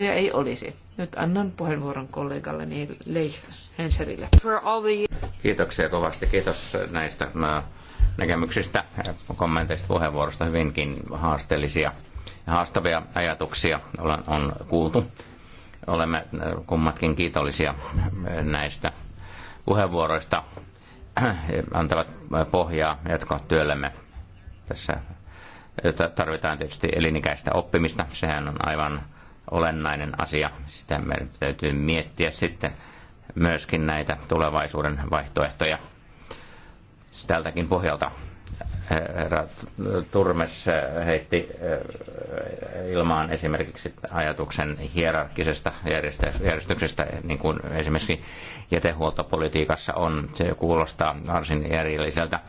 ja ei olisi. Nyt annan puheenvuoron kollegalleni Leif Henserille. Kiitoksia kovasti. Kiitos näistä äh, näkemyksistä, äh, kommenteista, puheenvuorosta. Hyvinkin haasteellisia ja haastavia ajatuksia on, on kuultu. Olemme äh, kummatkin kiitollisia näistä puheenvuoroista. Antavat pohjaa jatkotyöllemme tässä tarvitaan tietysti elinikäistä oppimista. Sehän on aivan olennainen asia. Sitä meidän täytyy miettiä sitten myöskin näitä tulevaisuuden vaihtoehtoja tältäkin pohjalta. Eh, herra Turmes eh, heitti eh, ilmaan esimerkiksi ajatuksen hierarkkisesta järjestyksestä, niin kuin esimerkiksi jätehuoltopolitiikassa on. Se kuulostaa varsin järjelliseltä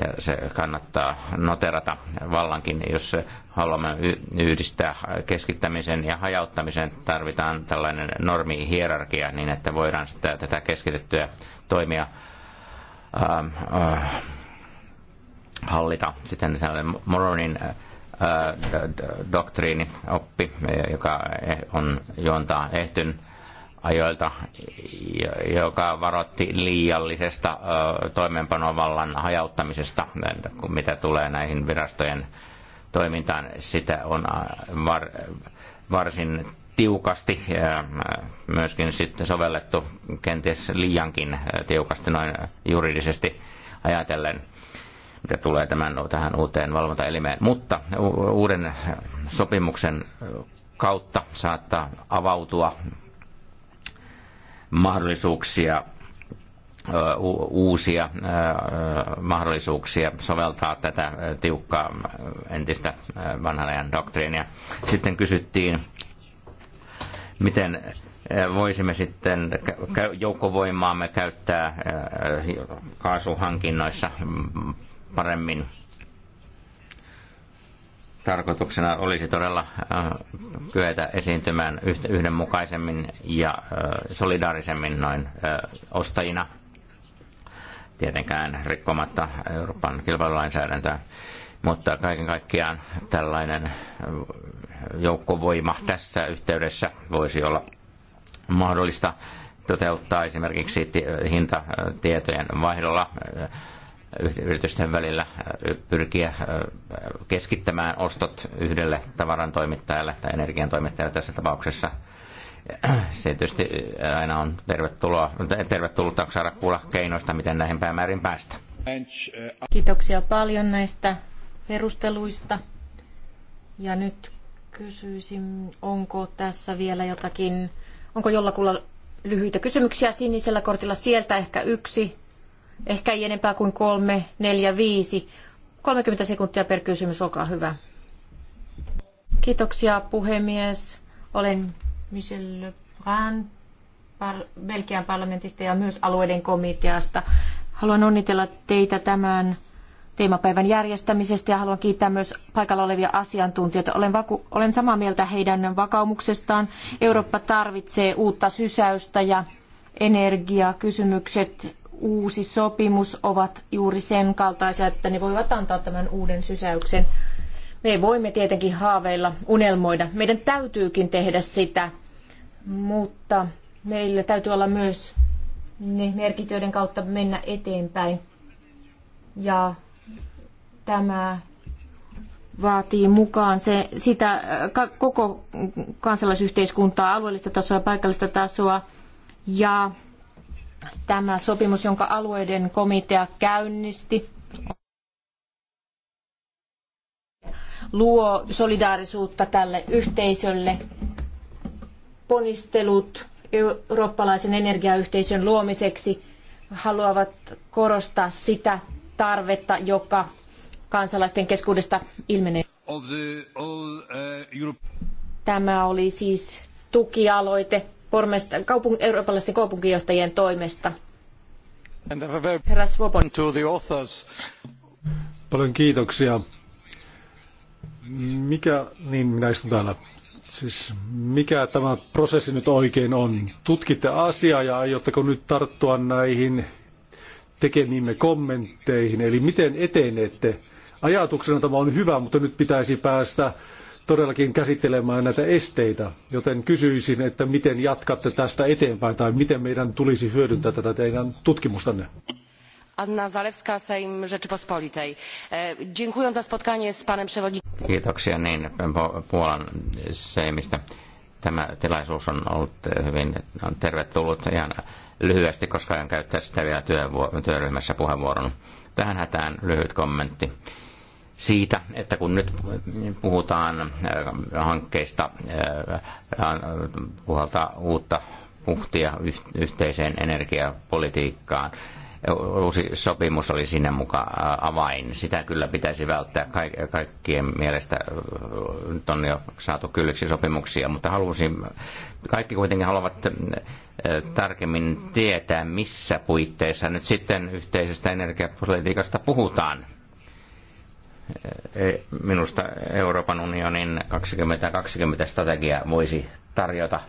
ja se kannattaa noterata vallankin, jos haluamme yhdistää keskittämisen ja hajauttamisen. Tarvitaan tällainen normihierarkia niin, että voidaan sitä, tätä keskitettyä toimia ähm, äh, hallita. Sitten sellainen Moronin äh, doktriini, oppi, joka e- on juontaa ehtyn ajoilta, joka varoitti liiallisesta toimeenpanovallan hajauttamisesta, mitä tulee näihin virastojen toimintaan. Sitä on var, varsin tiukasti myöskin sitten sovellettu, kenties liiankin tiukasti noin juridisesti ajatellen mitä tulee tämän, tähän uuteen valvontaelimeen. Mutta uuden sopimuksen kautta saattaa avautua mahdollisuuksia uusia mahdollisuuksia soveltaa tätä tiukkaa entistä vanhan ajan doktriinia. Sitten kysyttiin, miten voisimme sitten joukkovoimaamme käyttää kaasuhankinnoissa paremmin tarkoituksena olisi todella äh, kyetä esiintymään yhdenmukaisemmin ja äh, solidaarisemmin noin äh, ostajina, tietenkään rikkomatta Euroopan kilpailulainsäädäntöä. Mutta kaiken kaikkiaan tällainen joukkovoima tässä yhteydessä voisi olla mahdollista toteuttaa esimerkiksi hintatietojen vaihdolla yritysten välillä pyrkiä keskittämään ostot yhdelle tavarantoimittajalle tai energiantoimittajalle tässä tapauksessa. Se tietysti aina on tervetullut saada kuulla keinoista, miten näihin päämäärin päästä. Kiitoksia paljon näistä perusteluista. Ja nyt kysyisin, onko tässä vielä jotakin, onko jollakulla lyhyitä kysymyksiä sinisellä kortilla sieltä ehkä yksi Ehkä ei enempää kuin kolme, neljä, viisi. 30 sekuntia per kysymys, olkaa hyvä. Kiitoksia puhemies. Olen Michel Lebrun Belgian parlamentista ja myös alueiden komiteasta. Haluan onnitella teitä tämän teemapäivän järjestämisestä ja haluan kiittää myös paikalla olevia asiantuntijoita. Olen, vaku- olen samaa mieltä heidän vakaumuksestaan. Eurooppa tarvitsee uutta sysäystä ja energiakysymykset uusi sopimus ovat juuri sen kaltaisia, että ne voivat antaa tämän uuden sysäyksen. Me voimme tietenkin haaveilla, unelmoida. Meidän täytyykin tehdä sitä, mutta meillä täytyy olla myös ne merkit, joiden kautta mennä eteenpäin. Ja tämä vaatii mukaan se, sitä äh, koko kansalaisyhteiskuntaa, alueellista tasoa, paikallista tasoa ja Tämä sopimus, jonka alueiden komitea käynnisti, luo solidaarisuutta tälle yhteisölle. Ponnistelut eurooppalaisen energiayhteisön luomiseksi haluavat korostaa sitä tarvetta, joka kansalaisten keskuudesta ilmenee. Uh, tämä oli siis tukialoite pormesta, kaupunk, eurooppalaisten kaupunkijohtajien toimesta. Herra Svobon. Paljon kiitoksia. Mikä, niin minä istun täällä. Siis mikä tämä prosessi nyt oikein on? Tutkitte asiaa ja aiotteko nyt tarttua näihin tekemiimme kommentteihin? Eli miten etenette? Ajatuksena tämä on hyvä, mutta nyt pitäisi päästä todellakin käsittelemään näitä esteitä, joten kysyisin, että miten jatkatte tästä eteenpäin tai miten meidän tulisi hyödyntää tätä teidän tutkimustanne. Anna Zalewska, Sejm Rzeczypospolitej. E, Dziękuję za spotkanie z panem przewodniczącym. Kiitoksia niin Puolan Seimistä. Tämä tilaisuus on ollut hyvin on tervetullut ihan lyhyesti, koska aion käyttää sitä vielä työryhmässä puheenvuoron. Tähän hätään lyhyt kommentti siitä, että kun nyt puhutaan äh, hankkeista äh, äh, puhaltaa uutta puhtia yhteiseen energiapolitiikkaan, uusi sopimus oli sinne mukaan avain. Sitä kyllä pitäisi välttää kaikkien mielestä. Nyt on jo saatu kylliksi sopimuksia, mutta halusin, kaikki kuitenkin haluavat tarkemmin tietää, missä puitteissa nyt sitten yhteisestä energiapolitiikasta puhutaan minusta Euroopan unionin 2020-strategia voisi tarjota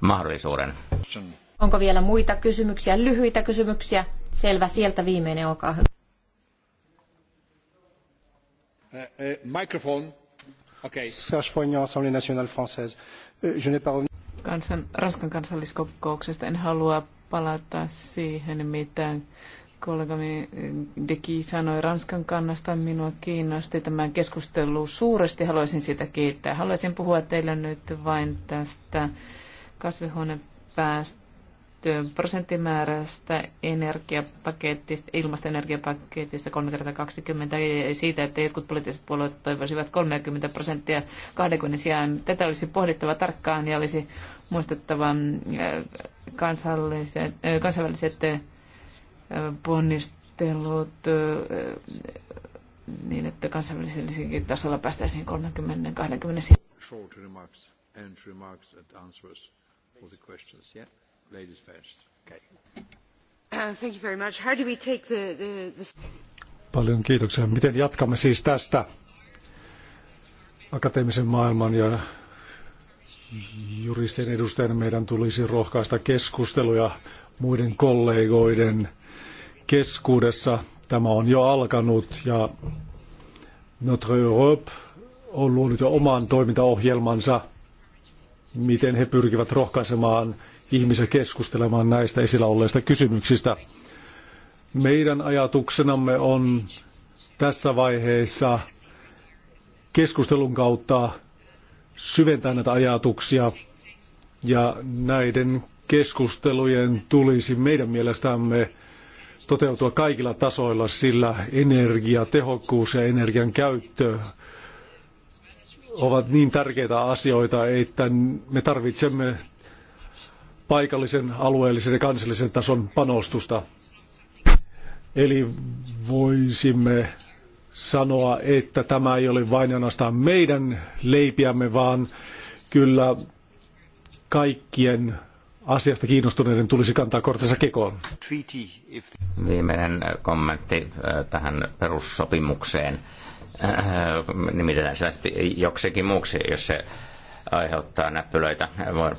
mahdollisuuden. Onko vielä muita kysymyksiä, lyhyitä kysymyksiä? Selvä, sieltä viimeinen, olkaa hyvä. Eh, eh, Mikrofon. française. Euh, Kansan, Ranskan kansalliskokouksesta en halua palata siihen, mitä Kollegami Deki sanoi Ranskan kannasta. Minua kiinnosti tämä keskustelu suuresti. Haluaisin sitä kiittää. Haluaisin puhua teille nyt vain tästä kasvihuonepäästöön prosenttimäärästä energiapakettista, ilmastoenergiapaketista 20 ja siitä, että jotkut poliittiset puolueet toivoisivat 30 prosenttia kahden sijaan. Tätä olisi pohdittava tarkkaan ja olisi muistettava äh, kansalliset, äh, kansainväliset äh, ponnistelut niin, että kansainväliselläkin tasolla päästäisiin 30-20 short remarks and remarks and answers for the questions. Yeah? Ladies first. Okay. Uh, thank you very much. How do we take the, the, the... Paljon kiitoksia. Miten jatkamme siis tästä akateemisen maailman ja juristien edustajana meidän tulisi rohkaista keskusteluja muiden kollegoiden keskuudessa. Tämä on jo alkanut ja Notre Europe on luonut jo oman toimintaohjelmansa, miten he pyrkivät rohkaisemaan ihmisiä keskustelemaan näistä esillä olleista kysymyksistä. Meidän ajatuksenamme on tässä vaiheessa keskustelun kautta syventää näitä ajatuksia ja näiden keskustelujen tulisi meidän mielestämme toteutua kaikilla tasoilla, sillä energiatehokkuus ja energian käyttö ovat niin tärkeitä asioita, että me tarvitsemme paikallisen, alueellisen ja kansallisen tason panostusta. Eli voisimme sanoa, että tämä ei ole vain ainoastaan meidän leipiämme, vaan kyllä kaikkien asiasta kiinnostuneiden tulisi kantaa kortensa kekoon. Viimeinen kommentti äh, tähän perussopimukseen. Äh, nimitetään se joksikin muuksi, jos se aiheuttaa näppylöitä.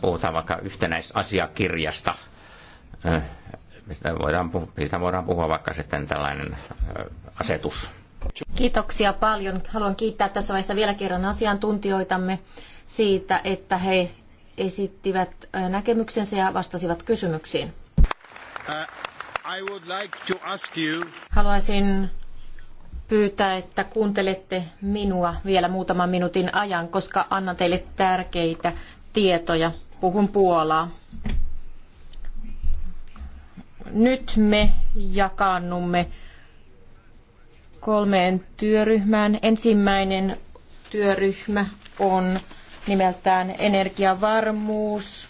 Puhutaan vaikka yhtenäisasiakirjasta. Äh, Sitä voidaan, siitä voidaan puhua vaikka sitten tällainen asetus. Kiitoksia paljon. Haluan kiittää tässä vaiheessa vielä kerran asiantuntijoitamme siitä, että he esittivät näkemyksensä ja vastasivat kysymyksiin. Uh, Haluaisin pyytää, että kuuntelette minua vielä muutaman minuutin ajan, koska annan teille tärkeitä tietoja. Puhun Puolaa. Nyt me jakaannumme kolmeen työryhmään. Ensimmäinen työryhmä on nimeltään energiavarmuus,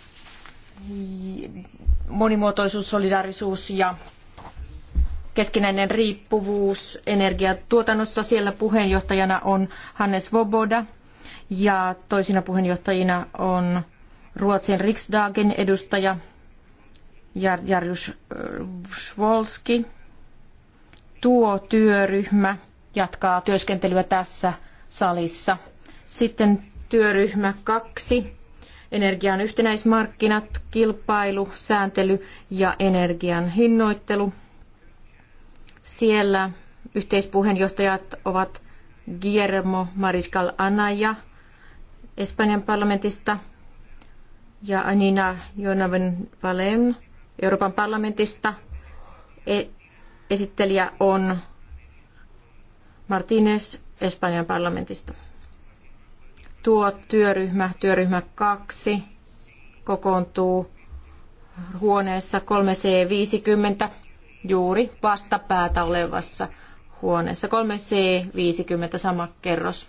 monimuotoisuus, solidarisuus ja keskinäinen riippuvuus energiatuotannossa. Siellä puheenjohtajana on Hannes Voboda ja toisina puheenjohtajina on Ruotsin Riksdagen edustaja Jarjus Schwolski. Eh, Tuo työryhmä jatkaa työskentelyä tässä salissa. Sitten työryhmä kaksi, energian yhtenäismarkkinat, kilpailu, sääntely ja energian hinnoittelu. Siellä yhteispuheenjohtajat ovat Guillermo Mariscal Anaya Espanjan parlamentista ja Anina Jonaven Valen Euroopan parlamentista. E- esittelijä on Martínez Espanjan parlamentista tuo työryhmä, työryhmä 2, kokoontuu huoneessa 3C50 juuri vastapäätä olevassa huoneessa 3C50 sama kerros.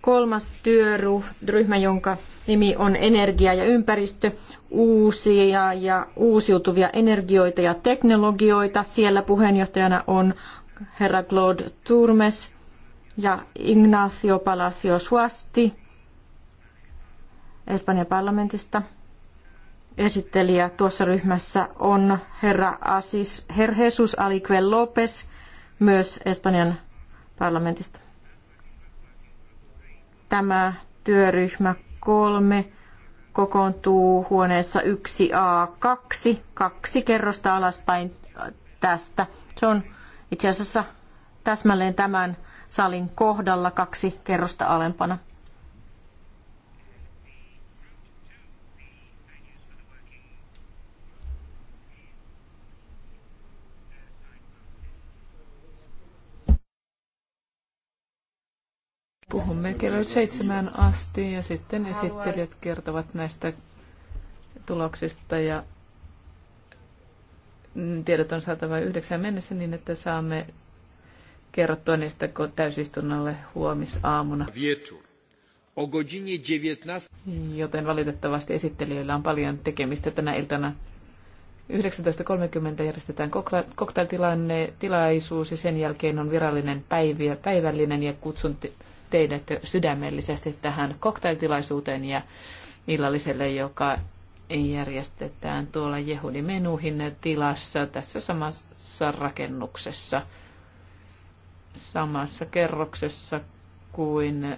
Kolmas työryhmä, jonka nimi on energia ja ympäristö, uusia ja uusiutuvia energioita ja teknologioita. Siellä puheenjohtajana on herra Claude Turmes ja Ignacio Palacio Suasti Espanjan parlamentista. Esittelijä tuossa ryhmässä on herra Asis, Her Jesus Alique López, myös Espanjan parlamentista. Tämä työryhmä kolme kokoontuu huoneessa 1A2, kaksi kerrosta alaspäin tästä. Se on itse asiassa täsmälleen tämän salin kohdalla kaksi kerrosta alempana. Puhumme kello seitsemän asti ja sitten esittelijät kertovat näistä tuloksista ja tiedot on saatava yhdeksän mennessä niin, että saamme kerrottua niistä täysistunnolle huomisaamuna. Joten valitettavasti esittelijöillä on paljon tekemistä tänä iltana. 19.30 järjestetään koktailtilaisuus ja sen jälkeen on virallinen päiviä, päivällinen ja kutsun teidät sydämellisesti tähän koktailtilaisuuteen ja illalliselle, joka järjestetään tuolla Jehudi Menuhin tilassa tässä samassa rakennuksessa, samassa kerroksessa kuin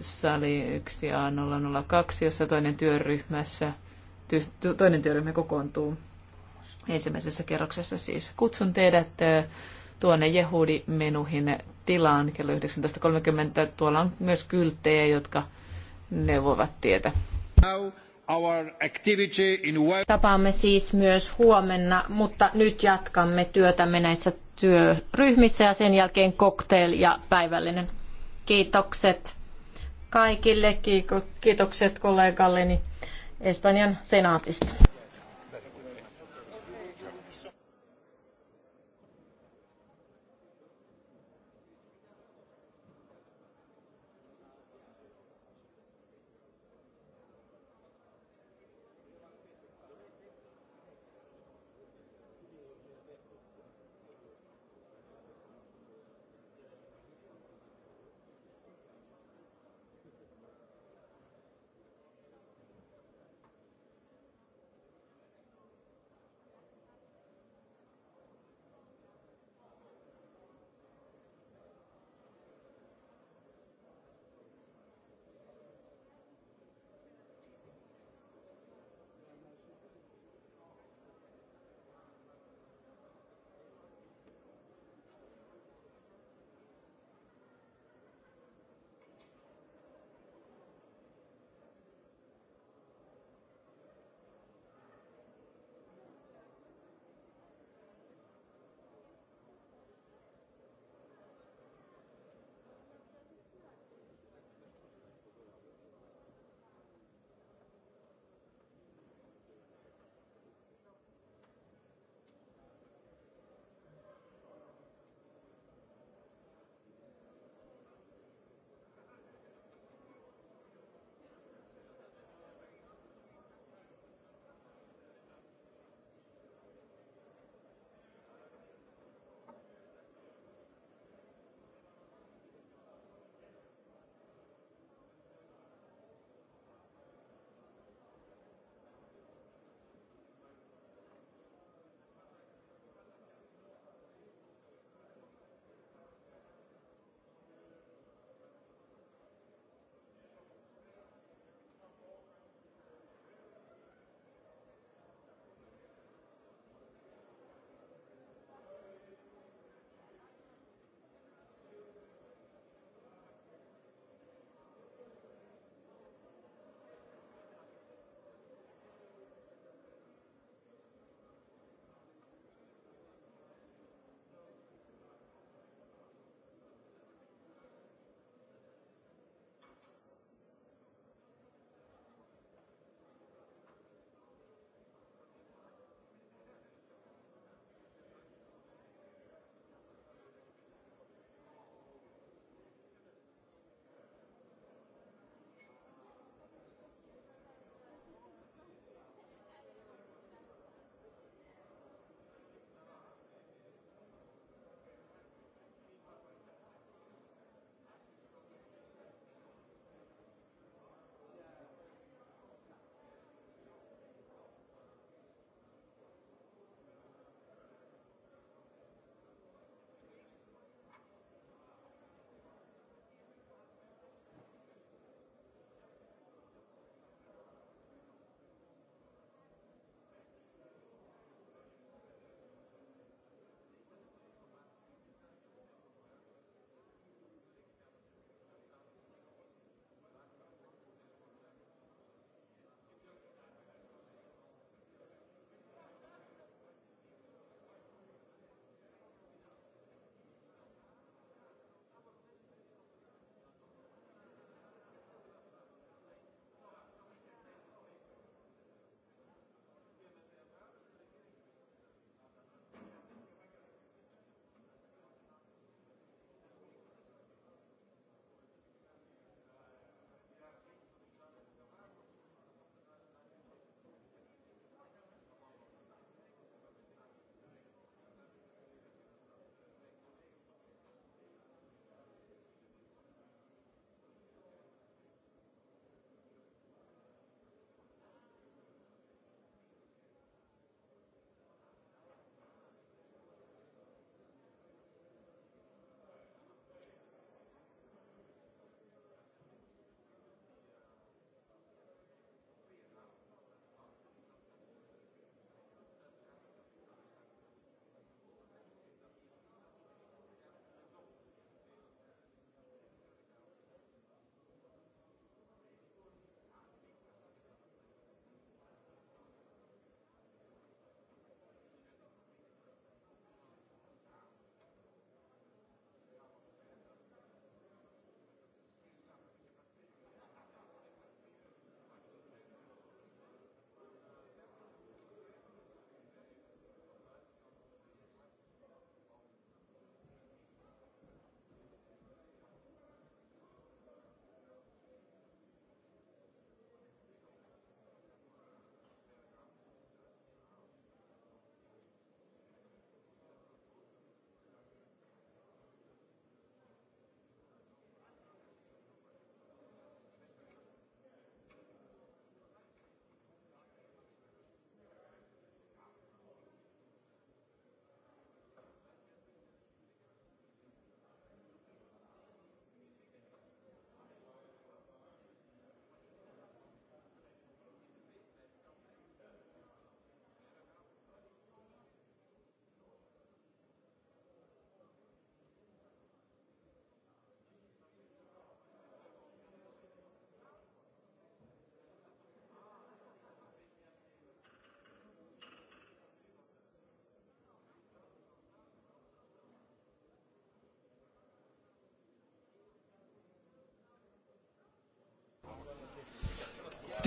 sali 1A002, jossa toinen työryhmässä – toinen työryhmä kokoontuu ensimmäisessä kerroksessa siis. Kutsun teidät tuonne Jehudi Menuhin tilaan kello 19.30. Tuolla on myös kylttejä, jotka neuvovat tietä. Tapaamme siis myös huomenna, mutta nyt jatkamme työtämme näissä työryhmissä ja sen jälkeen cocktail ja päivällinen. Kiitokset kaikille, kiitokset kollegalleni. Espanjan senaatista.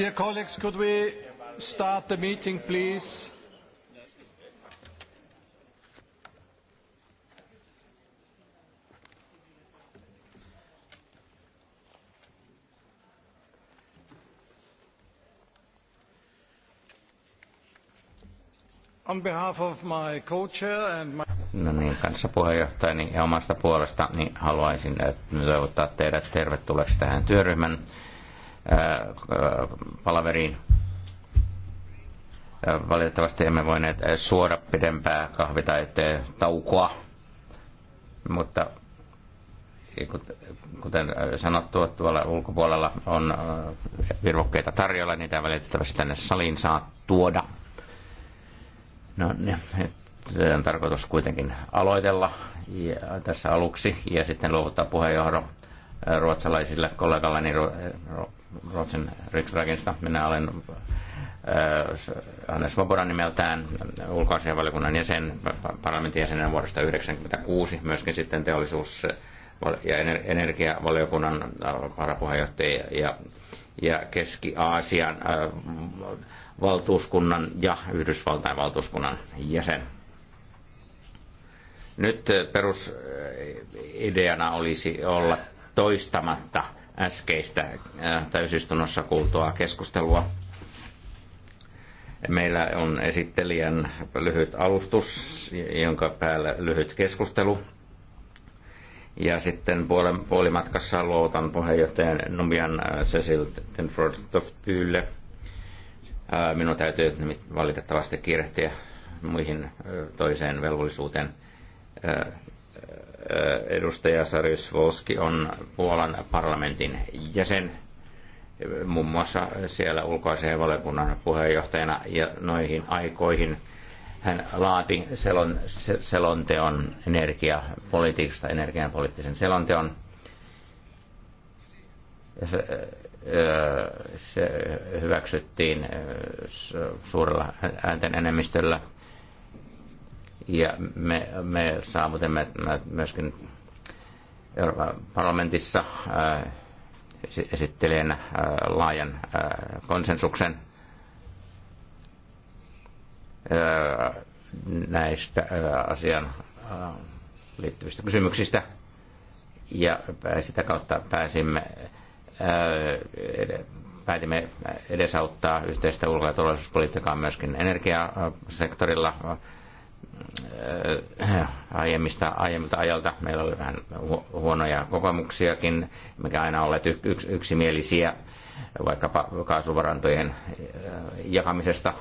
Dear colleagues, could we start the meeting, please? On behalf of my co-chair and my No niin, kanssa puheenjohtajani ja omasta puolestani haluaisin äh, toivottaa teidät tervetulleeksi tähän työryhmän palaveriin. Valitettavasti emme voineet suoda pidempää kahvi- taukoa, mutta kuten sanottu, tuolla ulkopuolella on virvokkeita tarjolla, niitä valitettavasti tänne saliin saa tuoda. No, niin, se on tarkoitus kuitenkin aloitella ja tässä aluksi ja sitten luovuttaa puheenjohdon ruotsalaisille kollegallani Ruotsin Riksdagenista. Minä olen äh, Hannes Svoboda nimeltään ulkoasianvaliokunnan jäsen, parlamentin jäsenen vuodesta 1996, myöskin sitten teollisuus- ja energiavaliokunnan äh, varapuheenjohtaja ja, ja Keski-Aasian äh, valtuuskunnan ja Yhdysvaltain valtuuskunnan jäsen. Nyt perusideana olisi olla toistamatta äskeistä täysistunnossa kuultua keskustelua. Meillä on esittelijän lyhyt alustus, jonka päällä lyhyt keskustelu. Ja sitten puolen, puolimatkassa luotan puheenjohtajan Nubian Cecil Tenford Toftbylle. Minun täytyy valitettavasti kiirehtiä muihin toiseen velvollisuuteen edustaja Sarys Voski on Puolan parlamentin jäsen, muun muassa siellä ulkoasian valiokunnan puheenjohtajana ja noihin aikoihin hän laati selon, selonteon energiapolitiikasta, energiapoliittisen selonteon. Ja se, se hyväksyttiin suurella äänten enemmistöllä – ja me, me saavutimme myöskin Euroopan parlamentissa äh, esittelijänä äh, laajan äh, konsensuksen näistä asian liittyvistä kysymyksistä. Ja sitä kautta pääsimme, päätimme edesauttaa yhteistä ulko- ja turvallisuuspolitiikkaa myöskin energiasektorilla Äh, äh, aiemmista, aiemmilta ajalta. Meillä oli vähän huonoja kokemuksiakin, mikä aina olleet yks, yksimielisiä vaikkapa kaasuvarantojen äh, jakamisesta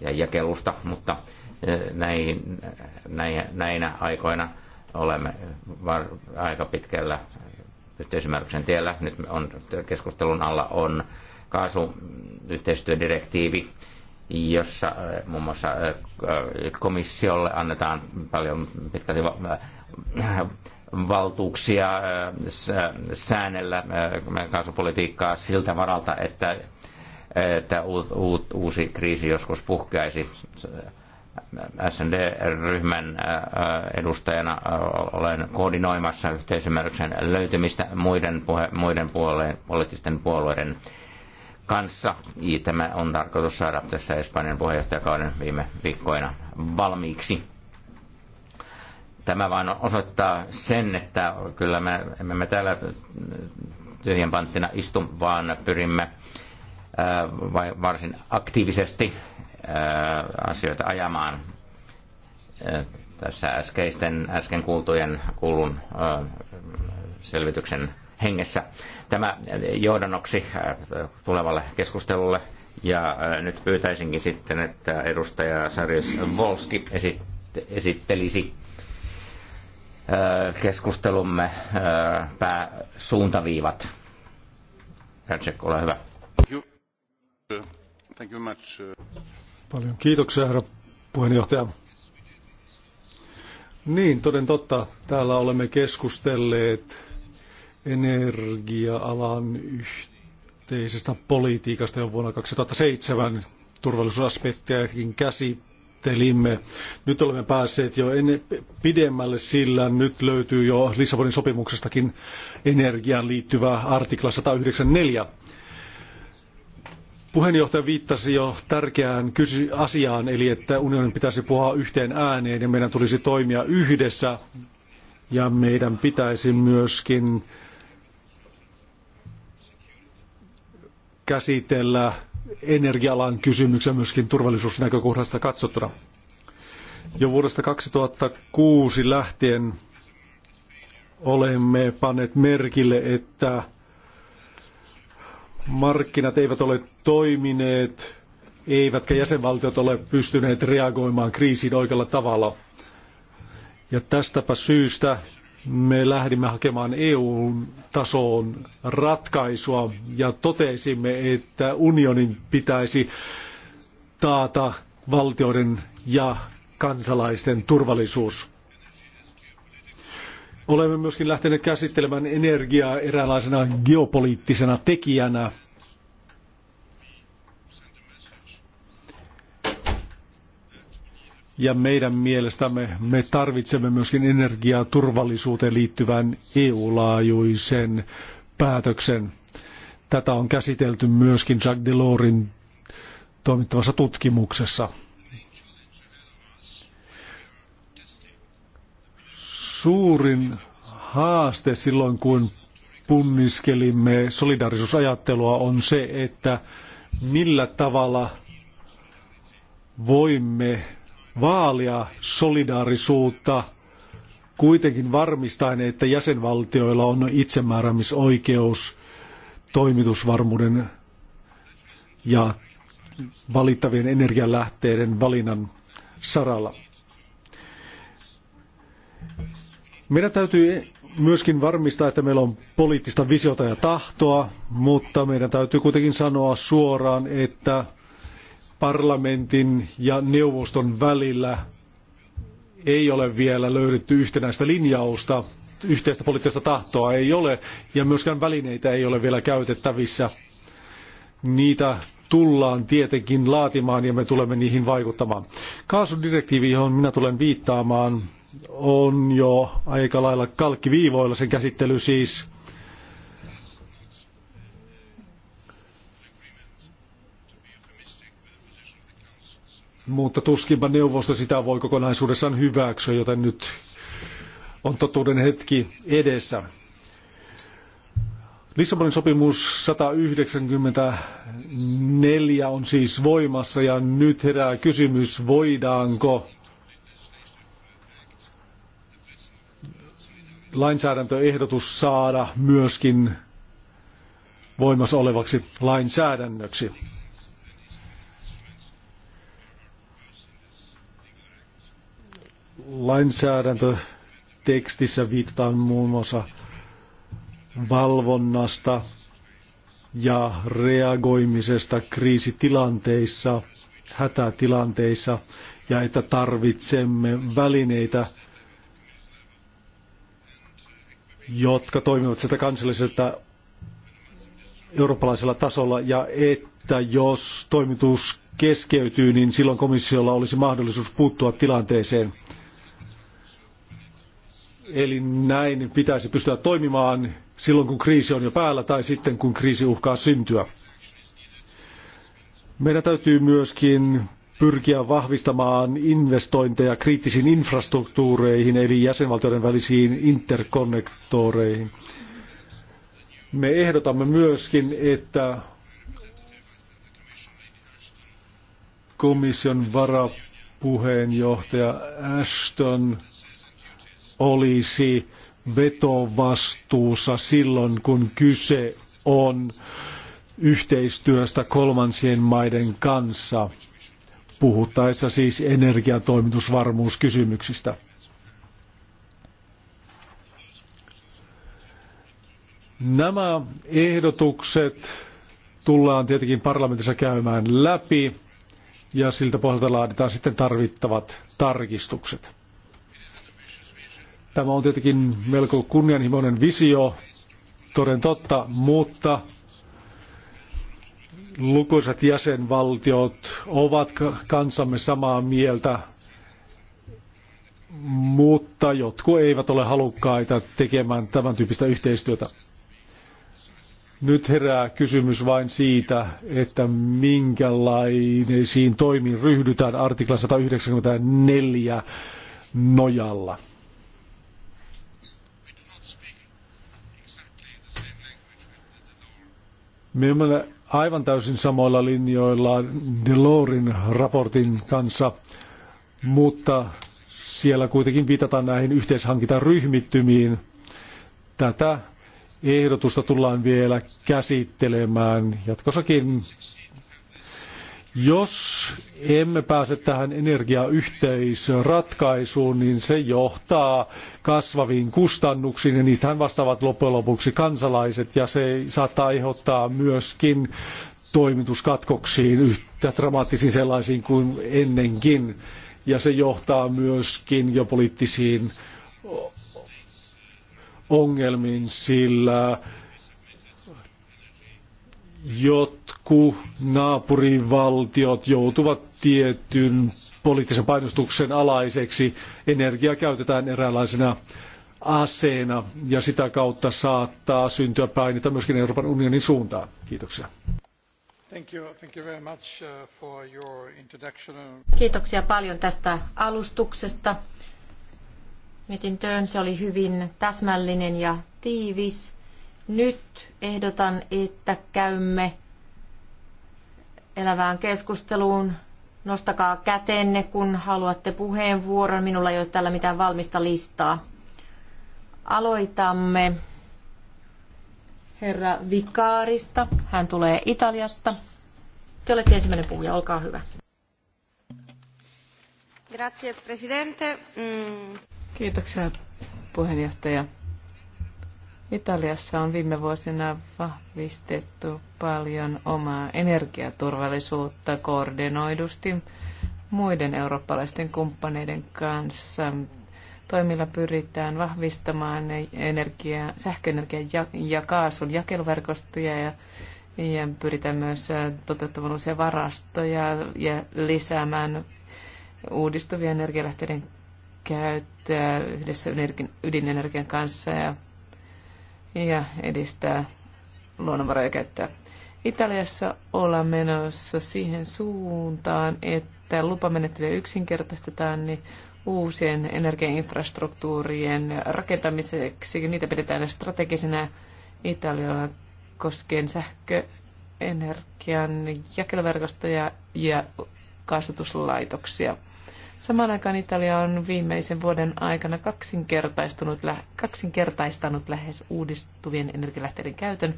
ja jakelusta, mutta näin, näin, näinä aikoina olemme var, aika pitkällä yhteisymmärryksen tiellä. Nyt on, keskustelun alla on kaasuyhteistyödirektiivi, jossa äh, muun mm. muassa äh, komissiolle annetaan paljon pitkälti äh, valtuuksia säännellä kaasupolitiikkaa siltä varalta, että, että uusi kriisi joskus puhkeaisi. SND-ryhmän edustajana olen koordinoimassa yhteisymmärryksen löytymistä muiden, puhe, muiden puolueen, poliittisten puolueiden kanssa. Tämä on tarkoitus saada tässä Espanjan puheenjohtajakauden viime viikkoina valmiiksi. Tämä vain osoittaa sen, että kyllä me emme me täällä tyhjän panttina istu, vaan pyrimme äh, varsin aktiivisesti äh, asioita ajamaan. Äh, tässä äskeisten, äsken kuultujen kuulun selvityksen hengessä tämä johdannoksi äh, tulevalle keskustelulle. Ja äh, nyt pyytäisinkin sitten, että edustaja Sarjus Volski esittelisi äh, keskustelumme pääsuuntaviivat. Jacek, ole hyvä. Thank you much. Uh, Paljon kiitoksia, herra puheenjohtaja. Niin, toden totta. Täällä olemme keskustelleet energia-alan yhteisestä politiikasta jo vuonna 2007 turvallisuusaspektejakin käsittelimme. Nyt olemme päässeet jo en, pidemmälle, sillä nyt löytyy jo Lissabonin sopimuksestakin energiaan liittyvä artikla 194. Puheenjohtaja viittasi jo tärkeään kysy- asiaan, eli että unionin pitäisi puhua yhteen ääneen ja meidän tulisi toimia yhdessä ja meidän pitäisi myöskin käsitellä energialan kysymyksiä myöskin turvallisuusnäkökohdasta katsottuna. Jo vuodesta 2006 lähtien olemme panneet merkille, että markkinat eivät ole toimineet, eivätkä jäsenvaltiot ole pystyneet reagoimaan kriisiin oikealla tavalla. Ja tästäpä syystä me lähdimme hakemaan EU-tasoon ratkaisua ja totesimme, että unionin pitäisi taata valtioiden ja kansalaisten turvallisuus. Olemme myöskin lähteneet käsittelemään energiaa eräänlaisena geopoliittisena tekijänä Ja meidän mielestämme me tarvitsemme myöskin energiaturvallisuuteen liittyvän EU-laajuisen päätöksen. Tätä on käsitelty myöskin Jacques Delorsin toimittavassa tutkimuksessa. Suurin haaste silloin, kun punniskelimme solidaarisuusajattelua, on se, että millä tavalla voimme vaalia solidaarisuutta kuitenkin varmistaen, että jäsenvaltioilla on itsemääräämisoikeus toimitusvarmuuden ja valittavien energialähteiden valinnan saralla. Meidän täytyy myöskin varmistaa, että meillä on poliittista visiota ja tahtoa, mutta meidän täytyy kuitenkin sanoa suoraan, että parlamentin ja neuvoston välillä ei ole vielä löydetty yhtenäistä linjausta, yhteistä poliittista tahtoa ei ole ja myöskään välineitä ei ole vielä käytettävissä. Niitä tullaan tietenkin laatimaan ja me tulemme niihin vaikuttamaan. Kaasudirektiivi, johon minä tulen viittaamaan, on jo aika lailla kalkkiviivoilla sen käsittely siis. mutta tuskinpa neuvosto sitä voi kokonaisuudessaan hyväksyä, joten nyt on totuuden hetki edessä. Lissabonin sopimus 194 on siis voimassa ja nyt herää kysymys, voidaanko lainsäädäntöehdotus saada myöskin voimassa olevaksi lainsäädännöksi. lainsäädäntötekstissä viitataan muun muassa valvonnasta ja reagoimisesta kriisitilanteissa, hätätilanteissa ja että tarvitsemme välineitä, jotka toimivat sitä kansallisesta eurooppalaisella tasolla ja että jos toimitus keskeytyy, niin silloin komissiolla olisi mahdollisuus puuttua tilanteeseen. Eli näin pitäisi pystyä toimimaan silloin, kun kriisi on jo päällä tai sitten, kun kriisi uhkaa syntyä. Meidän täytyy myöskin pyrkiä vahvistamaan investointeja kriittisiin infrastruktuureihin, eli jäsenvaltioiden välisiin interkonnektoreihin. Me ehdotamme myöskin, että komission varapuheenjohtaja Ashton olisi vetovastuussa silloin, kun kyse on yhteistyöstä kolmansien maiden kanssa, puhuttaessa siis energiatoimitusvarmuuskysymyksistä. Nämä ehdotukset tullaan tietenkin parlamentissa käymään läpi ja siltä pohjalta laaditaan sitten tarvittavat tarkistukset. Tämä on tietenkin melko kunnianhimoinen visio, toden totta, mutta lukuisat jäsenvaltiot ovat kansamme samaa mieltä, mutta jotkut eivät ole halukkaita tekemään tämän tyyppistä yhteistyötä. Nyt herää kysymys vain siitä, että minkälaisiin toimiin ryhdytään artikla 194 nojalla. Me olemme aivan täysin samoilla linjoilla Delorin raportin kanssa, mutta siellä kuitenkin viitataan näihin yhteishankintaryhmittymiin. Tätä ehdotusta tullaan vielä käsittelemään jatkossakin jos emme pääse tähän energiayhteisöratkaisuun, niin se johtaa kasvaviin kustannuksiin ja niistähän vastaavat loppujen lopuksi kansalaiset ja se saattaa aiheuttaa myöskin toimituskatkoksiin yhtä dramaattisiin sellaisiin kuin ennenkin ja se johtaa myöskin geopoliittisiin ongelmiin, sillä jotkut naapurivaltiot joutuvat tietyn poliittisen painostuksen alaiseksi. Energia käytetään eräänlaisena aseena ja sitä kautta saattaa syntyä painetta myöskin Euroopan unionin suuntaan. Kiitoksia. Uh, Kiitoksia paljon tästä alustuksesta. Mietintöön se oli hyvin täsmällinen ja tiivis. Nyt ehdotan, että käymme elävään keskusteluun. Nostakaa kätenne, kun haluatte puheenvuoron. Minulla ei ole täällä mitään valmista listaa. Aloitamme herra Vikaarista. Hän tulee Italiasta. Te olette ensimmäinen puhuja, olkaa hyvä. Grazie, presidente. Mm. Kiitoksia, puheenjohtaja. Italiassa on viime vuosina vahvistettu paljon omaa energiaturvallisuutta koordinoidusti muiden eurooppalaisten kumppaneiden kanssa. Toimilla pyritään vahvistamaan energia, sähköenergian ja, ja kaasun jakeluverkostoja ja, ja pyritään myös toteuttamaan uusia varastoja ja lisäämään uudistuvien energialähteiden käyttöä yhdessä ydinenergian kanssa ja ja edistää luonnonvarojen käyttöä. Italiassa ollaan menossa siihen suuntaan, että lupamenettelyä yksinkertaistetaan, niin uusien energiainfrastruktuurien rakentamiseksi. Niitä pidetään strategisena Italialla koskien sähköenergian jakeluverkostoja ja kaasutuslaitoksia. Samaan aikaan Italia on viimeisen vuoden aikana kaksinkertaistunut, kaksinkertaistanut lähes uudistuvien energialähteiden käytön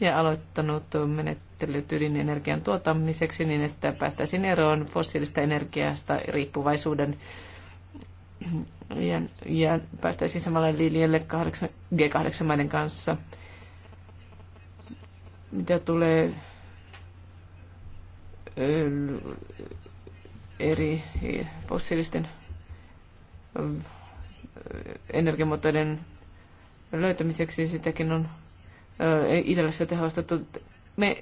ja aloittanut menettelyt ydinenergian tuotamiseksi niin, että päästäisiin eroon fossiilista energiasta riippuvaisuuden ja, ja päästäisiin samalle linjalle G8-maiden kanssa. Mitä tulee eri fossiilisten energiamuotoiden löytämiseksi. Sitäkin on Italiassa tehostettu. Me,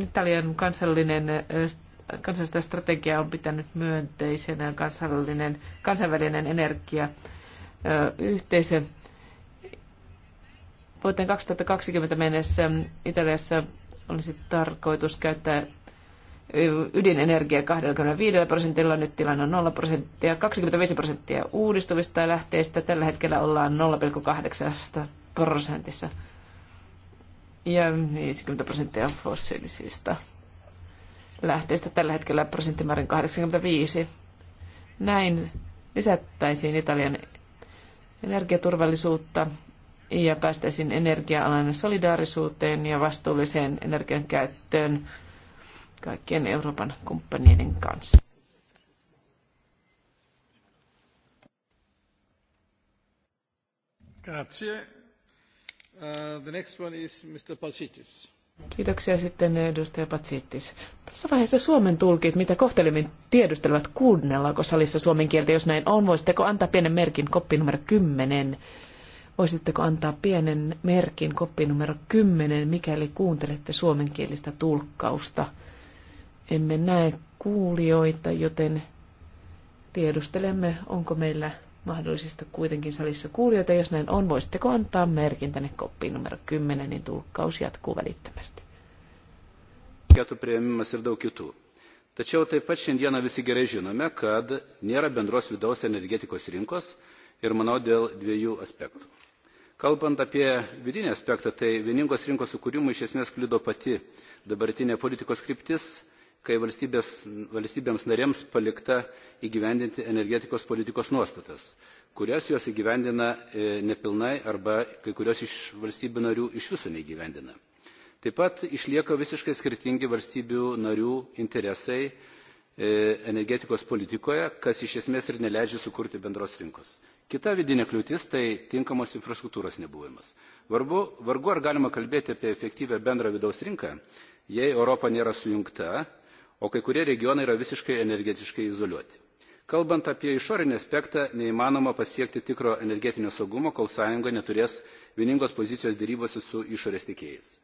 Italian kansallinen kansallista strategiaa on pitänyt myönteisenä kansallinen, kansainvälinen energia yhteisö. Vuoteen 2020 mennessä Italiassa olisi tarkoitus käyttää ydinenergia 25 prosentilla, nyt tilanne on 0 prosenttia, 25 prosenttia uudistuvista lähteistä, tällä hetkellä ollaan 0,8 prosentissa ja 50 prosenttia fossiilisista lähteistä, tällä hetkellä prosenttimäärin 85. Näin lisättäisiin Italian energiaturvallisuutta ja päästäisiin energia-alan solidaarisuuteen ja vastuulliseen energian käyttöön kaikkien Euroopan kumppaneiden kanssa. Grazie. Uh, the next one is Mr. Palcitis. Kiitoksia sitten edustaja Patsittis. Tässä vaiheessa Suomen tulkit, mitä kohtelemmin tiedustelevat, kuunnellaanko salissa suomen kieltä, jos näin on. Voisitteko antaa pienen merkin koppi numero 10? Voisitteko antaa pienen merkin koppi numero 10, mikäli kuuntelette suomenkielistä tulkkausta? Emme näe kuulijoita, joten tiedustelemme, onko meillä mahdollisista kuitenkin salissa kuulijoita. Jos näin on, voisitteko antaa merkin tänne koppiin numero 10, niin tulkkaus jatkuu välittömästi. Tačiau taip pat šiandieną visi gerai žinome, kad nėra bendros vidaus energetikos rinkos ir manau dėl dviejų aspektų. Kalbant apie vidinį aspektą, tai vieningos rinkos sukūrimui iš esmės kliudo pati dabartinė politikos kryptis, kai valstybėms narėms palikta įgyvendinti energetikos politikos nuostatas, kurias jos įgyvendina e, nepilnai arba kai kurios iš valstybių narių iš viso neįgyvendina. Taip pat išlieka visiškai skirtingi valstybių narių interesai e, energetikos politikoje, kas iš esmės ir neleidžia sukurti bendros rinkos. Kita vidinė kliūtis tai tinkamos infrastruktūros nebuvimas. Varbu, vargu ar galima kalbėti apie efektyvę bendrą vidaus rinką, jei Europa nėra sujungta o kai kurie regionai yra visiškai energetiškai izoliuoti. Kalbant apie išorinį aspektą, neįmanoma pasiekti tikro energetinio saugumo, kol sąjunga neturės vieningos pozicijos dėrybose su išorės tikėjais.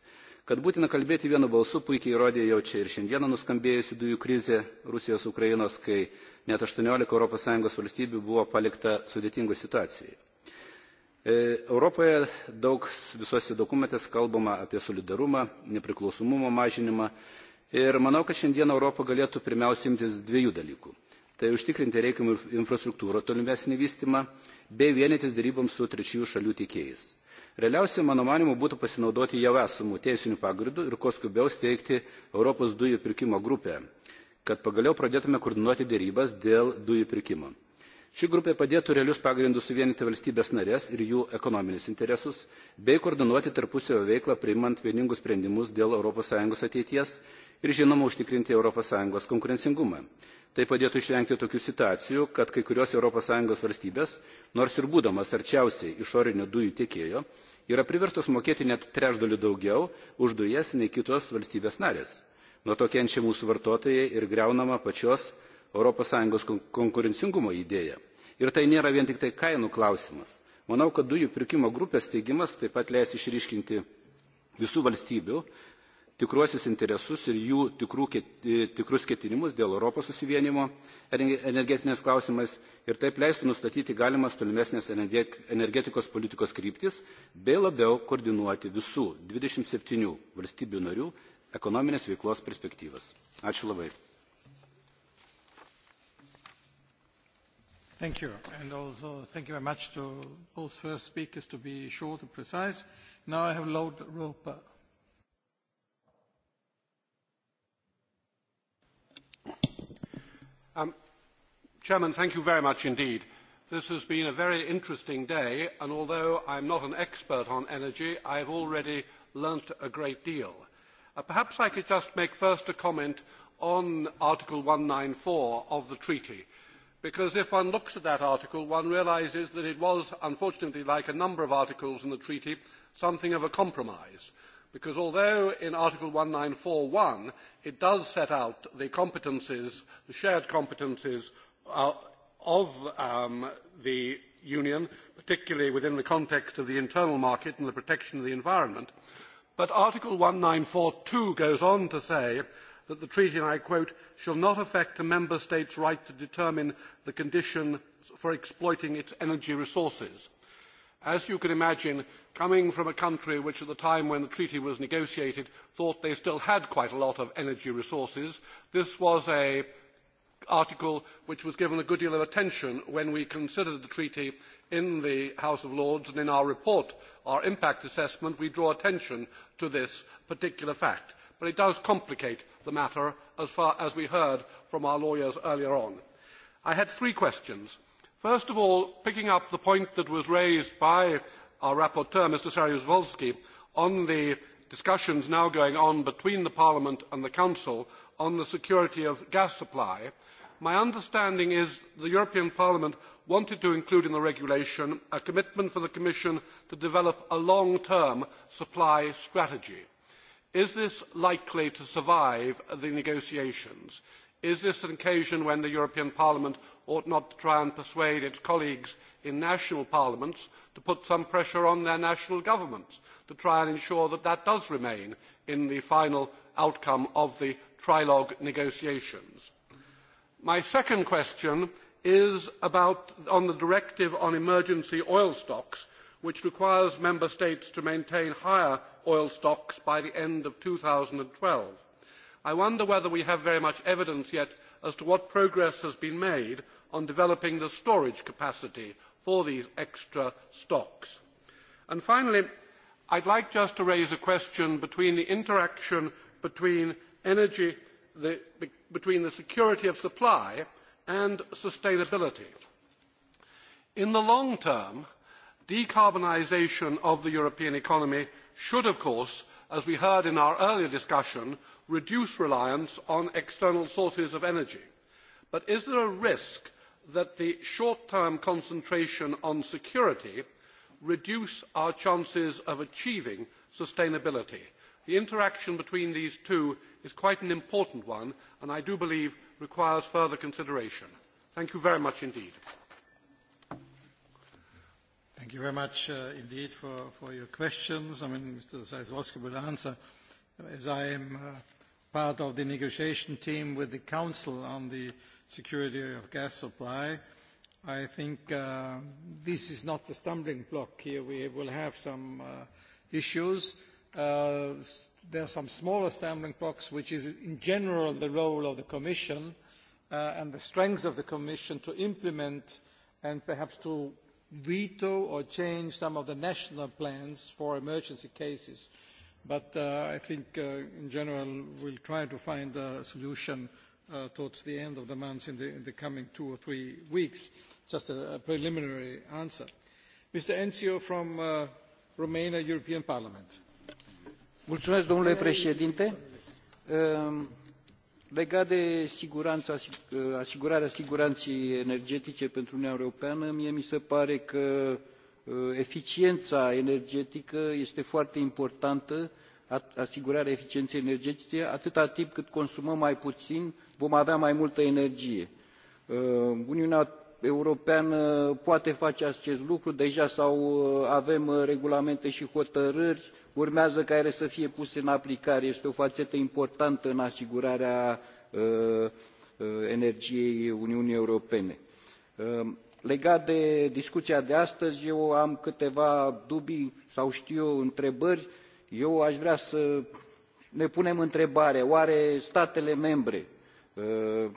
Kad būtina kalbėti vienu balsu, puikiai įrodė jau čia ir šiandieną nuskambėjusi dujų krizė Rusijos Ukrainos, kai net 18 ES valstybių buvo palikta sudėtingoje situacijoje. Europoje daug visuose dokumentės kalbama apie solidarumą, nepriklausomumo mažinimą, Ir manau, kad šiandien Europą galėtų pirmiausia imtis dviejų dalykų. Tai užtikrinti reikiamą infrastruktūrą tolimesnį vystymą bei vienytis daryboms su trečiųjų šalių tiekėjais. Realiausia, mano manimu, būtų pasinaudoti jau esamų teisinių pagrindų ir kuo skubiau steigti Europos dujų pirkimo grupę, kad pagaliau pradėtume koordinuoti dėrybas dėl dujų pirkimo. Ši grupė padėtų realius pagrindus suvienyti valstybės narės ir jų ekonominis interesus, bei koordinuoti tarpusio veiklą priimant vieningus sprendimus dėl ES ateities ir žinoma užtikrinti europos sąjungos konkurencingumą. Tai padėtų išvengti tokių situacijų, kad kai kurios europos sąjungos valstybės, nors ir būdamos arčiausiai išorinio dujų tiekėjo, yra priverstos mokėti net trečdaliu daugiau už dujas nei kitos valstybės narės. Nuo to kenčia mūsų vartotojai ir greunama pačios europos sąjungos konkurencingumo idėja. Ir tai nėra vien tik tai kainų klausimas. Manau, kad dujų pirkimo grupės steigimas taip pat leis išryškinti visų valstybių tikruosius interesus ir jų e, tikrus ketinimus dėl Europos susivienimo energetinės klausimais ir taip leistų nustatyti galimas tolimesnės energetikos politikos kryptis bei labiau koordinuoti visų 27 valstybių narių ekonominės veiklos perspektyvas. Ačiū labai. Thank you. And also thank you very much to both first speakers to be short and precise. Now I have Lord Roper. Um, Chairman, thank you very much indeed. This has been a very interesting day, and although i am not an expert on energy, i have already learnt a great deal. Uh, perhaps I could just make first a comment on Article one hundred and ninety four of the treaty, because if one looks at that article, one realises that it was, unfortunately, like a number of articles in the treaty, something of a compromise because although in Article 1941 it does set out the competences, the shared competences uh, of um, the Union, particularly within the context of the internal market and the protection of the environment, but Article 1942 goes on to say that the treaty, and I quote, shall not affect a member state's right to determine the condition for exploiting its energy resources. As you can imagine, coming from a country which at the time when the treaty was negotiated thought they still had quite a lot of energy resources, this was an article which was given a good deal of attention when we considered the treaty in the House of Lords and in our report, our impact assessment, we draw attention to this particular fact. But it does complicate the matter as far as we heard from our lawyers earlier on. I had three questions. First of all, picking up the point that was raised by our rapporteur, Mr. Saryusz-Wolski, on the discussions now going on between the Parliament and the Council on the security of gas supply, my understanding is the European Parliament wanted to include in the regulation a commitment for the Commission to develop a long-term supply strategy. Is this likely to survive the negotiations? Is this an occasion when the European Parliament ought not to try and persuade its colleagues in national parliaments to put some pressure on their national governments to try and ensure that that does remain in the final outcome of the trilogue negotiations? My second question is about on the directive on emergency oil stocks, which requires member states to maintain higher oil stocks by the end of 2012 i wonder whether we have very much evidence yet as to what progress has been made on developing the storage capacity for these extra stocks. And finally i would like just to raise a question between the interaction between energy the, between the security of supply and sustainability. in the long term decarbonisation of the european economy should of course as we heard in our earlier discussion reduce reliance on external sources of energy. But is there a risk that the short-term concentration on security reduce our chances of achieving sustainability? The interaction between these two is quite an important one and I do believe requires further consideration. Thank you very much indeed. Thank you very much uh, indeed for, for your questions. I mean, Mr. Saizowski will answer. As I am uh, part of the negotiation team with the Council on the security of gas supply. I think uh, this is not the stumbling block here. We will have some uh, issues. Uh, there are some smaller stumbling blocks, which is in general the role of the Commission uh, and the strength of the Commission to implement and perhaps to veto or change some of the national plans for emergency cases. But uh, I think uh, in general we'll try to find a solution uh, towards the end of the month in the, coming two or three weeks. Just a, preliminary answer. Mr. Enciu from Romania, European Parliament. Mulțumesc, domnule președinte. Ehm, legat de asigurarea siguranței energetice pentru Uniunea Europeană, mie mi se pare că Uh, eficiena energetică este foarte importantă, asigurarea eficienei energetice, atât timp cât consumăm mai puin vom avea mai multă energie. Uh, Uniunea europeană poate face acest lucru deja uh, avem regulamente i hotărâri urmează ca ele să fie puse în aplicare este o faetă importantă în asigurarea energiei uniunii europene. Legat de discuția de astăzi, eu am câteva dubii sau știu eu întrebări. Eu aș vrea să ne punem întrebarea, oare statele membre uh,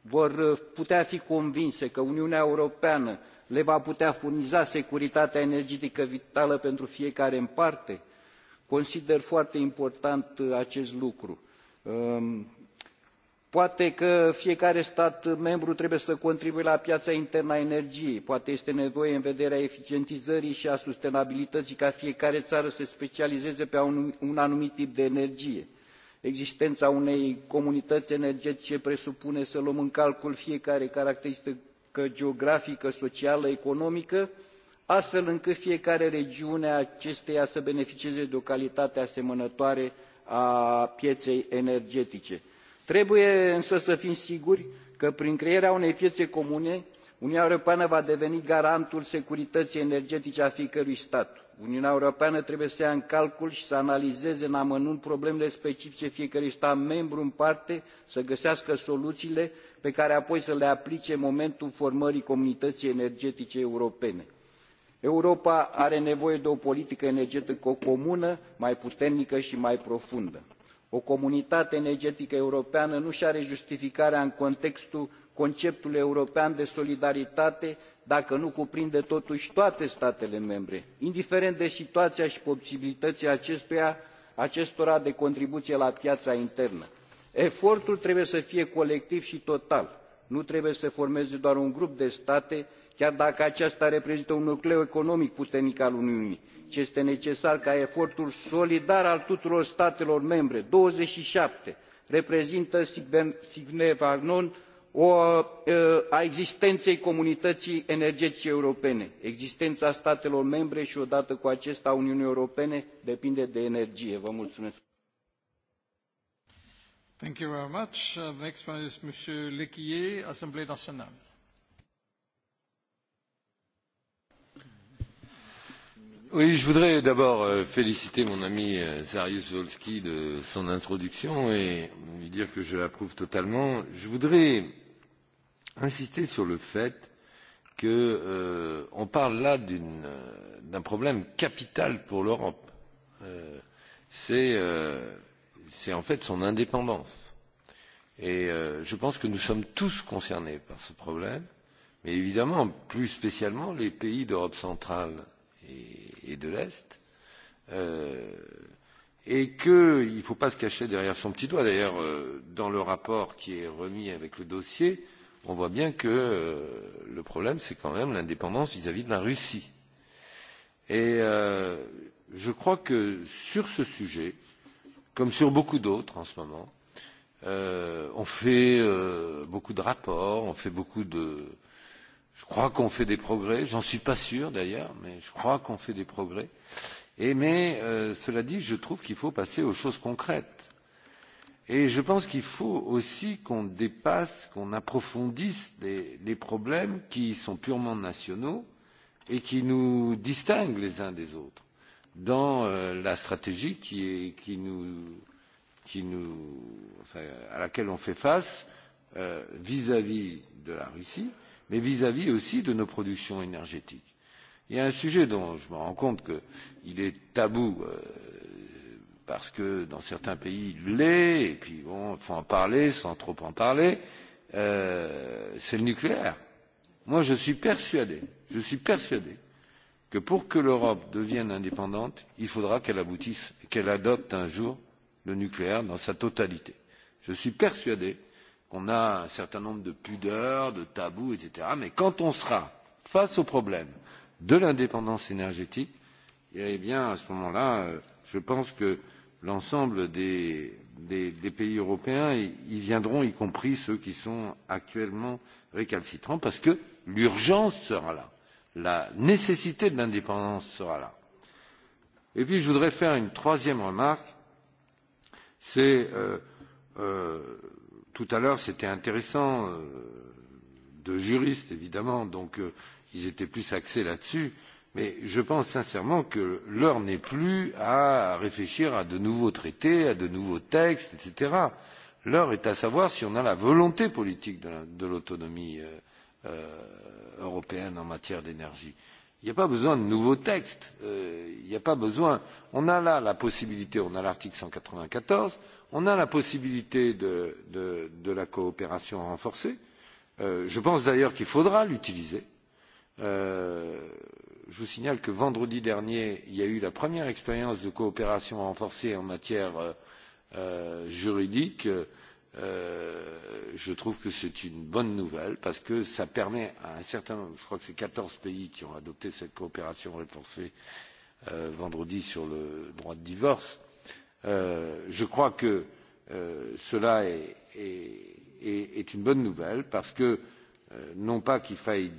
vor putea fi convinse că Uniunea Europeană le va putea furniza securitatea energetică vitală pentru fiecare în parte? Consider foarte important uh, acest lucru. Um, poate că fiecare stat membru trebuie să contribuie la piaa internă a energiei poate este nevoie în vederea eficientizării i a sustenabilităii ca fiecare ară să se specializeze pe un anumit tip de energie existena unei comunităi energetice presupune să luăm în calcul fiecare caracteristică geografică socială economică astfel încât fiecare regiune a acesteia să beneficieze de o calitate asemănătoare a pieei energetice trebuie însă să fim siguri că prin crearea unei piee comune uniunea europeană va deveni garantul securităii energetice a fiecărui stat. uniunea europeană trebuie să ia în calcul i să analizeze în amănunt problemele specifice fiecărui stat membru în parte să găsească soluiile pe care apoi să le aplice în momentul formării comunităii energetice europene. europa are nevoie de o politică energetică comună mai puternică i mai profundă. O comunitate energetică europeană nu și are justificarea în contextul conceptului european de solidaritate dacă nu cuprinde totuși toate statele membre, indiferent de situația și posibilitățile acestuia, acestora de contribuție la piața internă. Efortul trebuie să fie colectiv și total nu trebuie să formeze doar un grup de state chiar dacă aceasta reprezintă un nucleu economic puternic al uniunii ci este necesar ca efortul solidar al tuturor statelor membre douăzeci și șapte reprezintă sine qua non a existenei comunităii energetice europene existena statelor membre i odată cu aceasta a uniunii europene depinde de energie. Thank you very much. Uh, next one is Monsieur Lequier, Assemblée nationale. Oui, je voudrais d'abord euh, féliciter mon ami euh, Sarius Wolski de son introduction et lui dire que je l'approuve totalement. Je voudrais insister sur le fait qu'on euh, parle là euh, d'un problème capital pour l'Europe. Euh, C'est euh, c'est en fait son indépendance. Et euh, je pense que nous sommes tous concernés par ce problème, mais évidemment, plus spécialement, les pays d'Europe centrale et, et de l'Est. Euh, et qu'il ne faut pas se cacher derrière son petit doigt. D'ailleurs, euh, dans le rapport qui est remis avec le dossier, on voit bien que euh, le problème, c'est quand même l'indépendance vis-à-vis de la Russie. Et euh, je crois que sur ce sujet, comme sur beaucoup d'autres en ce moment. Euh, on fait euh, beaucoup de rapports, on fait beaucoup de. Je crois qu'on fait des progrès. J'en suis pas sûr d'ailleurs, mais je crois qu'on fait des progrès. Et mais euh, cela dit, je trouve qu'il faut passer aux choses concrètes. Et je pense qu'il faut aussi qu'on dépasse, qu'on approfondisse des, des problèmes qui sont purement nationaux et qui nous distinguent les uns des autres dans euh, la stratégie qui, est, qui nous, qui nous, enfin, à laquelle on fait face euh, vis-à-vis euh, -vis de la Russie, mais vis-à-vis -vis aussi de nos productions énergétiques. Il y a un sujet dont je me rends compte qu'il est tabou euh, parce que dans certains pays il l'est, et puis bon, il faut en parler sans trop en parler, euh, c'est le nucléaire. Moi je suis persuadé, je suis persuadé que pour que l'Europe devienne indépendante, il faudra qu'elle aboutisse, qu'elle adopte un jour le nucléaire dans sa totalité. Je suis persuadé qu'on a un certain nombre de pudeurs, de tabous, etc. Mais quand on sera face au problème de l'indépendance énergétique, eh bien, à ce moment-là, euh, je pense que l'ensemble des, des, des pays européens y, y viendront, y compris ceux qui sont actuellement récalcitrants, parce que l'urgence sera là la nécessité de l'indépendance sera là. Et puis je voudrais faire une troisième remarque. C'est euh, euh, tout à l'heure c'était intéressant euh, de juristes évidemment, donc ils étaient plus axés là-dessus. Mais je pense sincèrement que l'heure n'est plus à réfléchir à de nouveaux traités, à de nouveaux textes, etc. L'heure est à savoir si on a la volonté politique de l'autonomie la, Euh, européenne en matière d'énergie. Il n'y a pas besoin de nouveaux textes. Euh, il n'y a pas besoin. On a là la possibilité, on a l'article 194, on a la possibilité de, de, de la coopération renforcée. Euh, je pense d'ailleurs qu'il faudra l'utiliser. Euh, je vous signale que vendredi dernier, il y a eu la première expérience de coopération renforcée en matière euh, euh juridique. Euh, Euh, je trouve que c'est une bonne nouvelle parce que cela permet à un certain nombre, je crois que c'est quatorze pays qui ont adopté cette coopération renforcée euh, vendredi sur le droit de divorce. Euh, je crois que cela est, est, est, une bonne nouvelle parce que non pas qu'il faille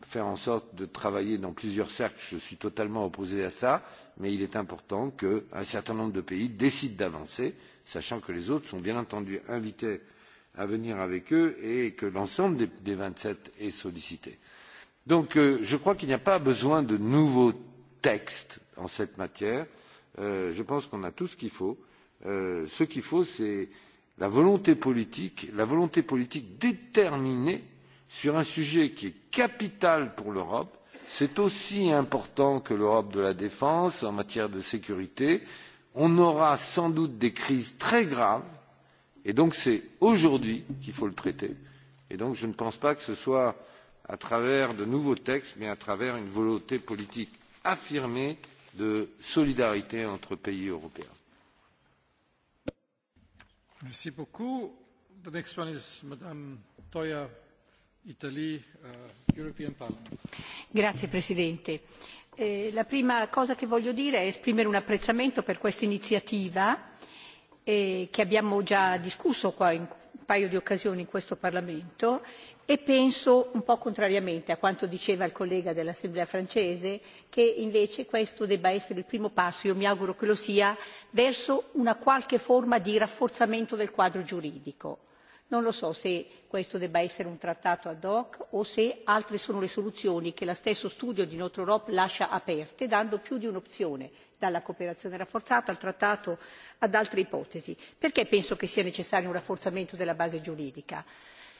faire en sorte de travailler dans plusieurs cercles, je suis totalement opposé à cela mais il est important qu'un certain nombre de pays décident d'avancer sachant que les autres sont bien entendu invités à venir avec eux et que l'ensemble des vingt sept est sollicité. donc euh, je crois qu'il n'y a pas besoin de nouveaux textes en cette matière. Euh, je pense qu'on a tout ce qu'il faut. Euh, ce qu'il faut c'est la volonté politique la volonté politique déterminée sur un sujet qui est capital pour l'europe c'est aussi important que l'europe de la défense en matière de sécurité on aura sans doute des crises très graves et donc c'est aujourd'hui qu'il faut le traiter et donc je ne pense pas que ce soit à travers de nouveaux textes mais à travers une volonté politique affirmée de solidarité entre pays européens. Merci beaucoup. The next one is Madame Toya, Italy, uh, European Parliament. Grazie Presidente Eh, la prima cosa che voglio dire è esprimere un apprezzamento per questa iniziativa eh, che abbiamo già discusso in un paio di occasioni in questo Parlamento e penso un po' contrariamente a quanto diceva il collega dell'Assemblea francese che invece questo debba essere il primo passo, io mi auguro che lo sia, verso una qualche forma di rafforzamento del quadro giuridico non lo so se questo debba essere un trattato ad hoc o se altre sono le soluzioni che lo stesso studio di notre europe lascia aperte dando più di un'opzione dalla cooperazione rafforzata al trattato ad altre ipotesi. perché penso che sia necessario un rafforzamento della base giuridica?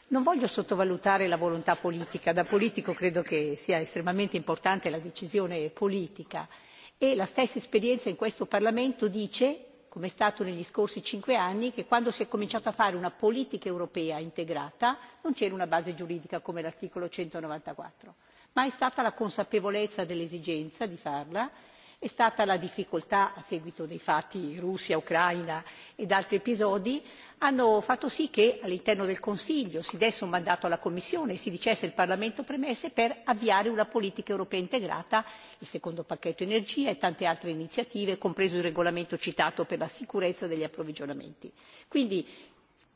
non voglio sottovalutare la volontà politica da politico credo che sia estremamente importante la decisione politica e la stessa esperienza in questo parlamento dice come è stato negli scorsi cinque anni che quando si è cominciato a fare una politica europea integrata non c'era una base giuridica come l'articolo centonovantaquattro ma è stata la consapevolezza dell'esigenza di farla è stata la difficoltà a seguito dei fatti Russia, Ucraina ed altri episodi, hanno fatto sì che all'interno del Consiglio si desse un mandato alla Commissione e si dicesse il Parlamento premesse per avviare una politica europea integrata, il secondo pacchetto energia e tante altre iniziative, compreso il regolamento citato per la sicurezza degli approvvigionamenti. Quindi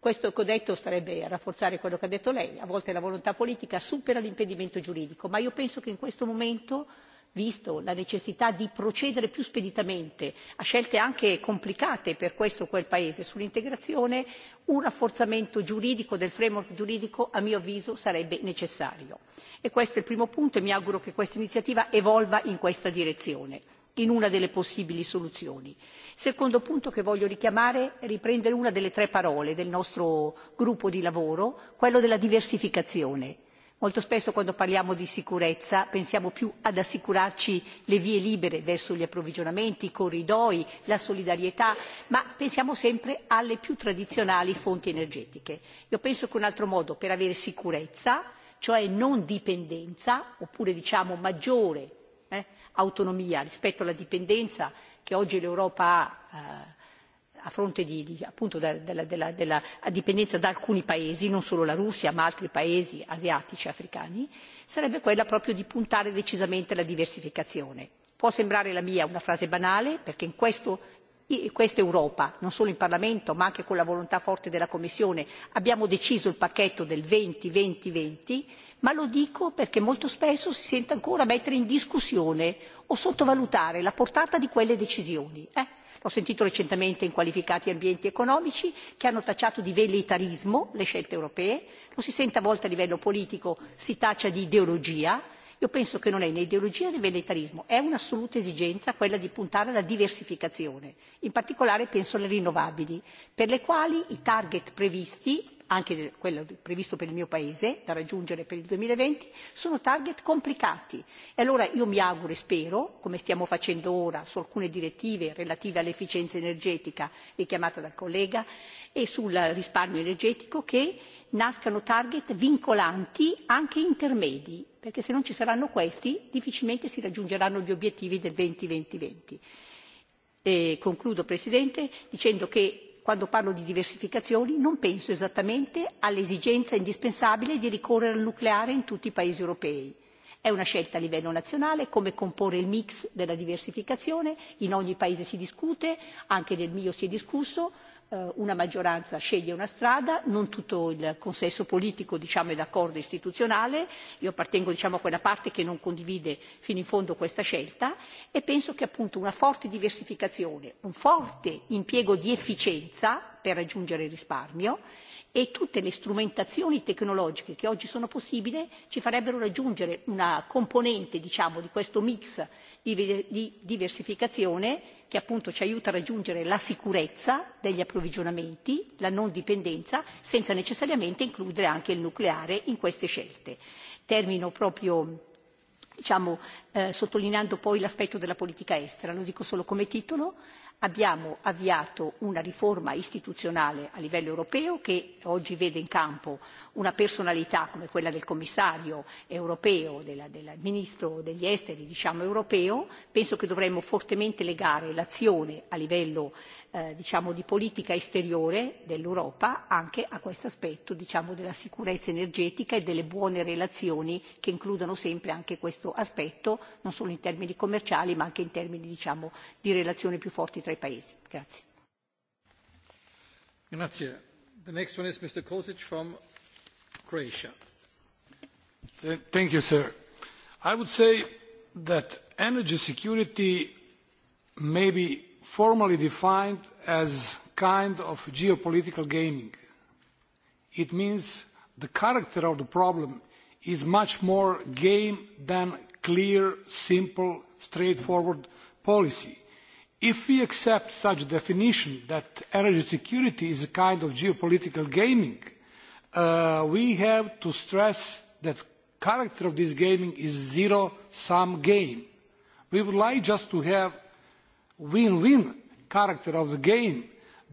questo che ho detto starebbe a rafforzare quello che ha detto lei, a volte la volontà politica supera l'impedimento giuridico, ma io penso che in questo momento visto la necessità di procedere più speditamente a scelte anche complicate per questo o quel paese sull'integrazione un rafforzamento giuridico del framework giuridico a mio avviso sarebbe necessario e questo è il primo punto e mi auguro che questa iniziativa evolva in questa direzione in una delle possibili soluzioni. il secondo punto che voglio richiamare è riprendere una delle tre parole del nostro gruppo di lavoro quella della diversificazione. Molto spesso quando parliamo di sicurezza pensiamo più ad assicurarci le vie libere verso gli approvvigionamenti, i corridoi, la solidarietà, ma pensiamo sempre alle più tradizionali fonti energetiche. Io penso che un altro modo per avere sicurezza, cioè non dipendenza, oppure diciamo maggiore eh, autonomia rispetto alla dipendenza che oggi l'Europa ha, eh, a fronte di, appunto della, dipendenza da alcuni paesi, non solo la Russia ma altri paesi asiatici e africani, sarebbe quella proprio di puntare decisamente alla diversificazione. Può sembrare la mia una frase banale perché in questo questa Europa, non solo in Parlamento ma anche con la volontà forte della Commissione, abbiamo deciso il pacchetto del venti venti venti ma lo dico perché molto spesso si sente ancora mettere in discussione o sottovalutare la portata di quelle decisioni. Eh? l'ho sentito recentemente in qualificati ambienti economici che hanno tacciato di velleitarismo le scelte europee, lo si sente a volte a livello politico, si taccia di ideologia. Io penso che non è né ideologia né velleitarismo, è un'assoluta esigenza quella di puntare alla diversificazione, in particolare penso alle rinnovabili, per le quali i target previsti anche quello previsto per il mio paese da raggiungere per il duemilaventi sono target complicati e allora io mi auguro e spero come stiamo facendo ora su alcune direttive relative all'efficienza energetica richiamata dal collega e sul risparmio energetico che nascano target vincolanti anche intermedi perché se non ci saranno questi difficilmente si raggiungeranno gli obiettivi del duemilaventi e concludo presidente dicendo che quando parlo di diversificazione non penso esattamente all'esigenza indispensabile di ricorrere al nucleare in tutti i paesi europei è una scelta a livello nazionale come comporre il mix della diversificazione in ogni paese si discute anche nel mio si è discusso. Eh, una maggioranza sceglie una strada, non tutto il consenso politico diciamo, è d'accordo istituzionale, io appartengo diciamo, a quella parte che non condivide fino in fondo questa scelta e penso che appunto una forte diversificazione, un forte impiego di efficienza per raggiungere il risparmio e tutte le strumentazioni tecnologiche che oggi sono possibili ci farebbero raggiungere una componente diciamo, di questo mix di diversificazione che appunto ci aiuta a raggiungere la sicurezza degli approvvigionamenti, la non dipendenza, senza necessariamente includere anche il nucleare in queste scelte. Termino proprio diciamo, eh, sottolineando poi l'aspetto della politica estera, lo dico solo come titolo abbiamo avviato una riforma istituzionale a livello europeo che oggi vede in campo una personalità come quella del commissario europeo, del ministro degli esteri diciamo europeo. Penso che dovremmo fortemente legare l'azione a livello Eh, diciamo, di politica esteriore dell'Europa anche a questo aspetto diciamo, della sicurezza energetica e delle buone relazioni che includono sempre anche questo aspetto, non solo in termini commerciali ma anche in termini diciamo, di relazioni più forti tra i Paesi. Grazie. Grazie. The next one is Mr. Kosic from Croatia. thank you, sir. I would say that energy security maybe formally defined as kind of geopolitical gaming. It means the character of the problem is much more game than clear, simple, straightforward policy. If we accept such definition that energy security is a kind of geopolitical gaming, uh, we have to stress that character of this gaming is zero-sum game. We would like just to have win-win character of the game.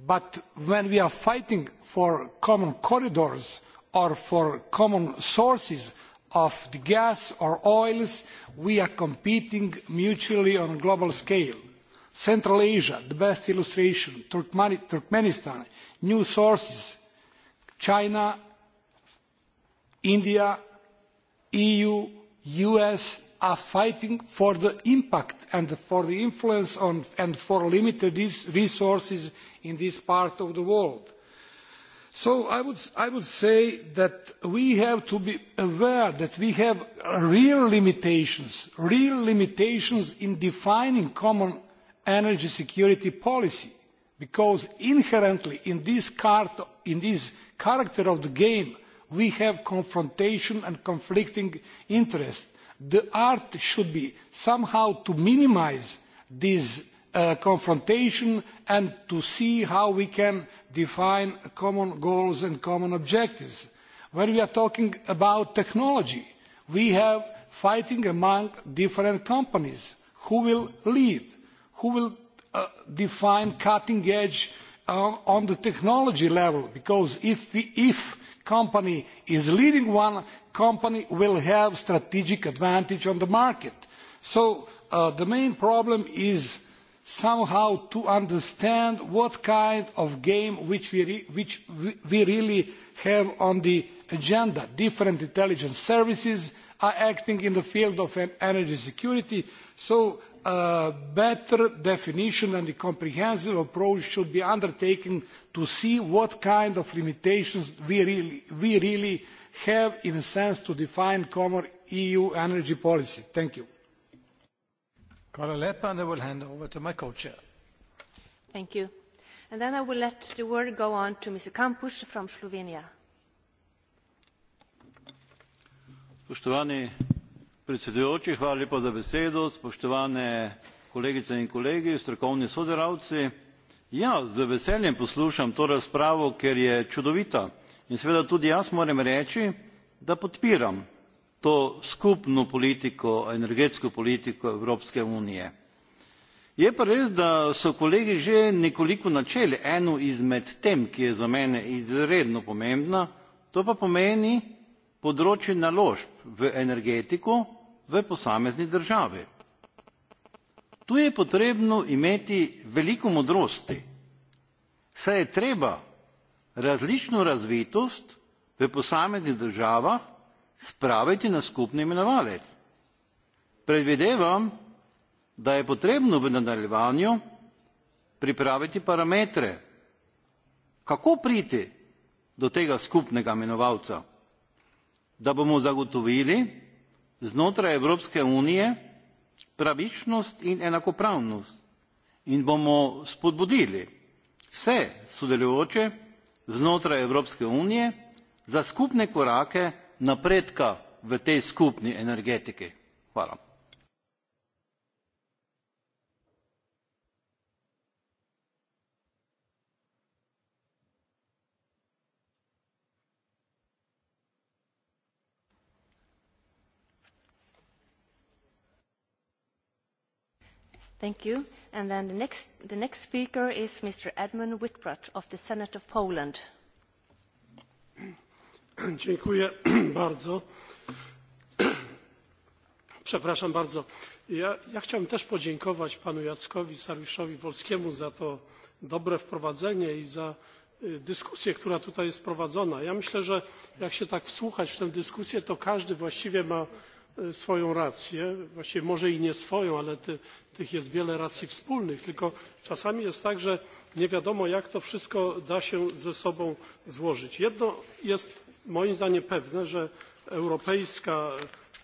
But when we are fighting for common corridors or for common sources of the gas or oils, we are competing mutually on a global scale. Central Asia, the best illustration, Turkmenistan, new sources, China, India, EU, US, are fighting for the impact and for the influence on, and for limited resources in this part of the world. So I would, I would say that we have to be aware that we have real limitations, real limitations in defining common energy security policy, because inherently in this, card, in this character of the game, we have confrontation and conflicting interests the art should be somehow to minimise this uh, confrontation and to see how we can define common goals and common objectives. When we are talking about technology, we have fighting among different companies. Who will lead? Who will uh, define cutting edge uh, on the technology level? Because if, we, if company is leading one company will have strategic advantage on the market. So uh, the main problem is somehow to understand what kind of game we, which we really have on the agenda. Different intelligence services are acting in the field of energy security. So a better definition and a comprehensive approach should be undertaken to see what kind of limitations we really, we really have in a sense to define common EU energy policy. Thank you. Lepa, and I will hand over to my co-chair. Thank you. And then I will let the word go on to Mr. from Slovenia. Predsedujoči, hvala lepa za besedo, spoštovane kolegice in kolegi, strokovni sodelavci. Ja, z veseljem poslušam to razpravo, ker je čudovita. In seveda tudi jaz moram reči, da podpiram to skupno politiko, energetsko politiko Evropske unije. Je pa res, da so kolegi že nekoliko načeli eno izmed tem, ki je za mene izredno pomembna, to pa pomeni področje naložb v energetiko v posamezni državi. Tu je potrebno imeti veliko modrosti, saj je treba različno razvitost v posameznih državah spraviti na skupni imenovalec. Predvidevam, da je potrebno v nadaljevanju pripraviti parametre, kako priti do tega skupnega imenovalca da bomo zagotovili znotraj evropske unije pravičnost in enakopravnost in bomo spodbudili vse sodelujoče znotraj evropske unije za skupne korake napredka v tej skupni energetiki. Thank you. And then the next, the next speaker is Mr. Edmund Whitprat of the Senate of Poland. Dziękuję bardzo. Przepraszam bardzo. Ja, ja chciałem też podziękować panu Jackowi Sariuszowi Wolskiemu za to dobre wprowadzenie i za dyskusję, która tutaj jest prowadzona. Ja myślę, że jak się tak wsłuchać w tę dyskusję, to każdy właściwie ma swoją rację właściwie może i nie swoją ale tych jest wiele racji wspólnych tylko czasami jest tak że nie wiadomo jak to wszystko da się ze sobą złożyć. jedno jest moim zdaniem pewne że europejska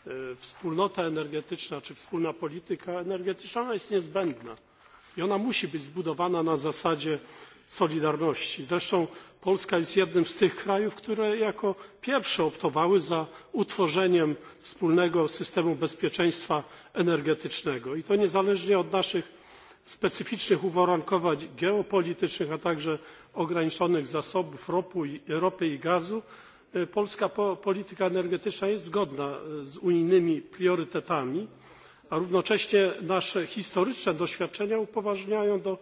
e, wspólnota energetyczna czy wspólna polityka energetyczna jest niezbędna i ona musi być zbudowana na zasadzie solidarności. zresztą polska jest jednym z tych krajów które jako pierwsze optowały za utworzeniem wspólnego systemu bezpieczeństwa energetycznego i to niezależnie od naszych specyficznych uwarunkowań geopolitycznych a także ograniczonych zasobów ropy i gazu polska polityka energetyczna jest zgodna z unijnymi priorytetami a równocześnie nasze historyczne doświadczenia upoważniają do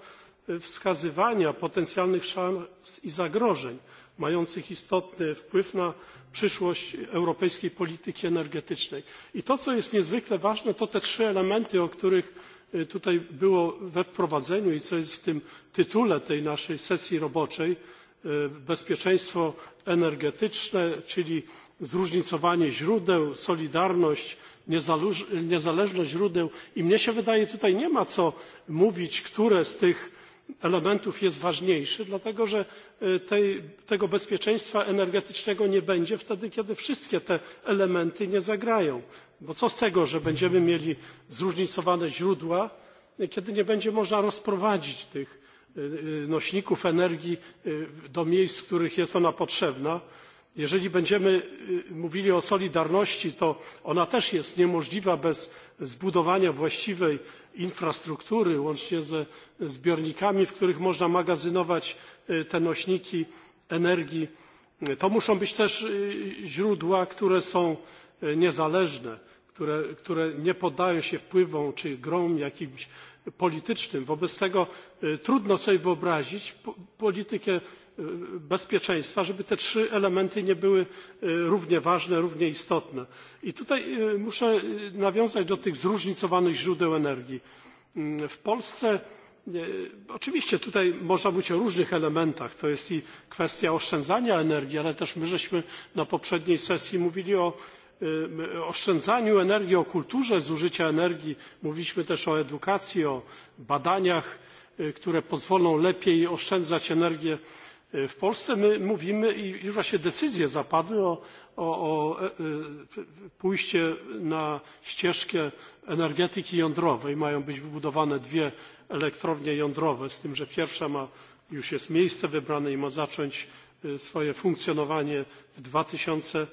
e, wskazywania potencjalnych szans i zagrożeń mających istotny wpływ na przyszłość europejskiej polityki energetycznej. i to co jest niezwykle ważne to te trzy elementy o których e, tutaj było we wprowadzeniu i co jest w tym tytule tej naszej sesji roboczej e, bezpieczeństwo energetyczne czyli zróżnicowanie źródeł solidarność niezależne źródeł i mnie się wydaje że tutaj nie ma co mówić który z tych elementów jest ważniejszy dlatego że e, tego bezpieczeństwa energetycznego nie będzie wtedy kiedy wszystkie te elementy nie zagrają bo co z tego że będziemy mieli zróżnicowane źródła kiedy nie będzie można rozprowadzić tych e, e, nośników energii do miejsc w których jest ona potrzebna jeżeli będziemy mówili o solidarności to ona też jest niemożliwa bez zbudowania właściwej infrastruktury łącznie ze zbiornikami w których można magazynować te nośniki energii. to muszą być też źródła które są niezależne które nie poddają się wpływom czy grom jakimś politycznym. wobec tego trudno sobie wyobrazić politykę E, bezpieczeństwa żeby te trzy elementy nie były e, równie ważne równie istotne. i tutaj e, muszę nawiązać do tych zróżnicowanych źródeł energii. Mm, w polsce oczywiście tutaj można mówić o różnych elementach to jest i kwestia oszczędzania energii ale też my żeśmy na poprzedniej sesji mówili o oszczędzaniu energii o kulturze zużycia energii mówiliśmy też o edukacji o badaniach które pozwolą lepiej oszczędzać energię E, w Polsce my mówimy i już właśnie decyzje zapadły o, e, e, pójściu na ścieżkę energetyki jądrowej. Mają być wybudowane dwie elektrownie jądrowe, z tym, że pierwsza ma już jest miejsce wybrane i ma zacząć swoje funkcjonowanie w dwa tysiące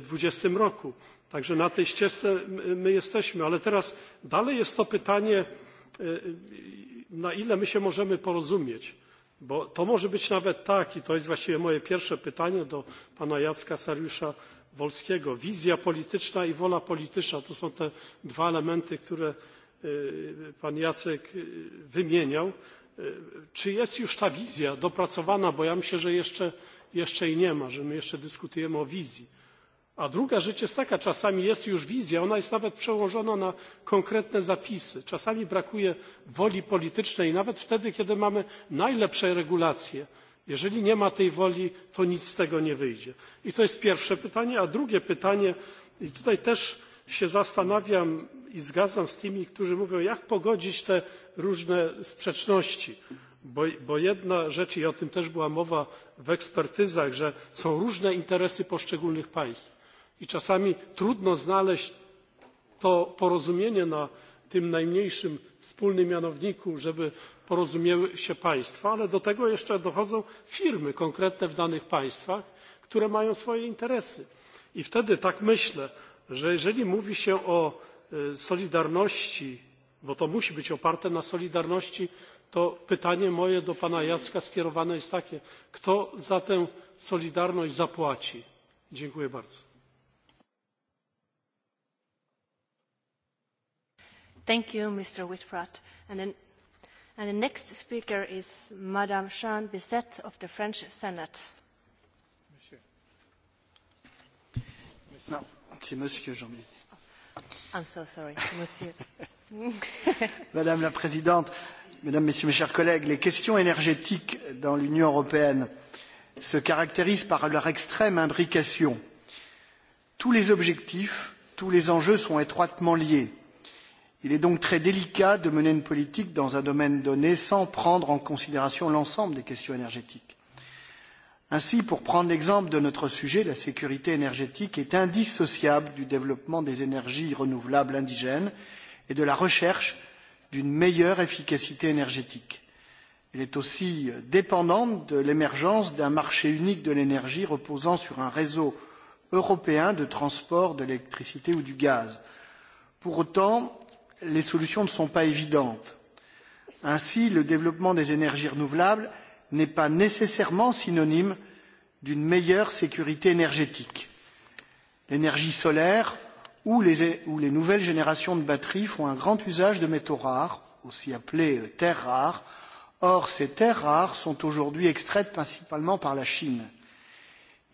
dwadzieścia roku. Także na tej ścieżce my jesteśmy, ale teraz dalej jest to pytanie, na ile my się możemy porozumieć Bo to może być nawet tak, i to jest właściwie moje pierwsze pytanie do pana Jacka saryusza Wolskiego, wizja polityczna i wola polityczna to są te dwa elementy, które pan Jacek wymieniał. Czy jest już ta wizja dopracowana? Bo ja myślę, że jeszcze jej nie ma, że my jeszcze dyskutujemy o wizji a druga rzecz jest taka czasami jest już wizja ona jest nawet przełożona na konkretne zapisy czasami brakuje woli politycznej nawet wtedy kiedy mamy najlepsze regulacje jeżeli nie ma tej woli to nic z tego nie wyjdzie. i to jest pierwsze pytanie. a drugie pytanie i tutaj też się zastanawiam i zgadzam się z tymi którzy mówią jak pogodzić te różne sprzeczności bo jedna rzecz i o tym też była mowa w ekspertyzach że są różne interesy poszczególnych państw i czasami trudno znaleźć to porozumienie na tym najmniejszym wspólnym mianowniku żeby porozumiały się państwa ale do tego jeszcze dochodzą firmy konkretne w danych państwach które mają swoje interesy i wtedy tak myślę że jeżeli mówi się o solidarności bo to musi być oparte na solidarności to pytanie moje do pana jacka skierowane jest takie kto za tę solidarność zapłaci? dziękuję bardzo. Madame Jean Bisset Monsieur. Monsieur. No, la Présidente, Mesdames, Messieurs, mes chers collègues, les questions énergétiques dans l'Union européenne se caractérisent par leur extrême imbrication. Tous les objectifs, tous les enjeux sont étroitement liés Il est donc très délicat de mener une politique dans un domaine donné sans prendre en considération l'ensemble des questions énergétiques. Ainsi, pour prendre l'exemple de notre sujet, la sécurité énergétique est indissociable du développement des énergies renouvelables indigènes et de la recherche d'une meilleure efficacité énergétique. Elle est aussi dépendante de l'émergence d'un marché unique de l'énergie reposant sur un réseau européen de transport de l'électricité ou du gaz. Pour autant, les solutions ne sont pas évidentes. Ainsi, le développement des énergies renouvelables n'est pas nécessairement synonyme d'une meilleure sécurité énergétique. L'énergie solaire ou les, ou les nouvelles générations de batteries font un grand usage de métaux rares, aussi appelés euh, terres rares. Or, ces terres rares sont aujourd'hui extraites principalement par la Chine.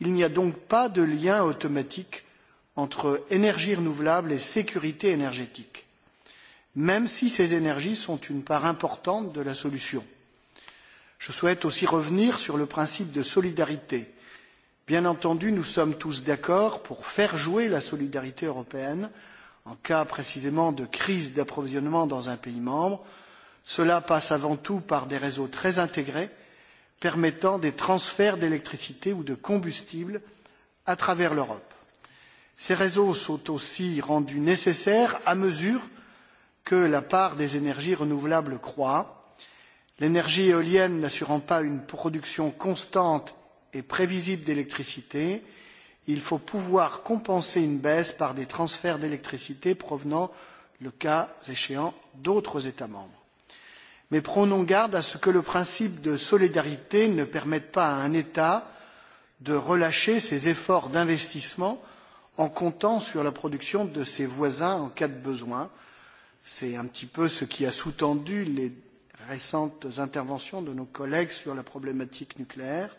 Il n'y a donc pas de lien automatique entre énergie renouvelable et sécurité énergétique même si ces énergies sont une part importante de la solution. Je souhaite aussi revenir sur le principe de solidarité. Bien entendu, nous sommes tous d'accord pour faire jouer la solidarité européenne en cas précisément de crise d'approvisionnement dans un pays membre. Cela passe avant tout par des réseaux très intégrés permettant des transferts d'électricité ou de combustible à travers l'Europe. Ces réseaux sont aussi rendus nécessaires à mesure que la part des énergies renouvelables croît, l'énergie éolienne n'assurant pas une production constante et prévisible d'électricité, il faut pouvoir compenser une baisse par des transferts d'électricité provenant, le cas échéant, d'autres États membres. Mais prenons garde à ce que le principe de solidarité ne permette pas à un État de relâcher ses efforts d'investissement en comptant sur la production de ses voisins en cas de besoin, C'est un petit peu ce qui a sous-tendu les récentes interventions de nos collègues sur la problématique nucléaire.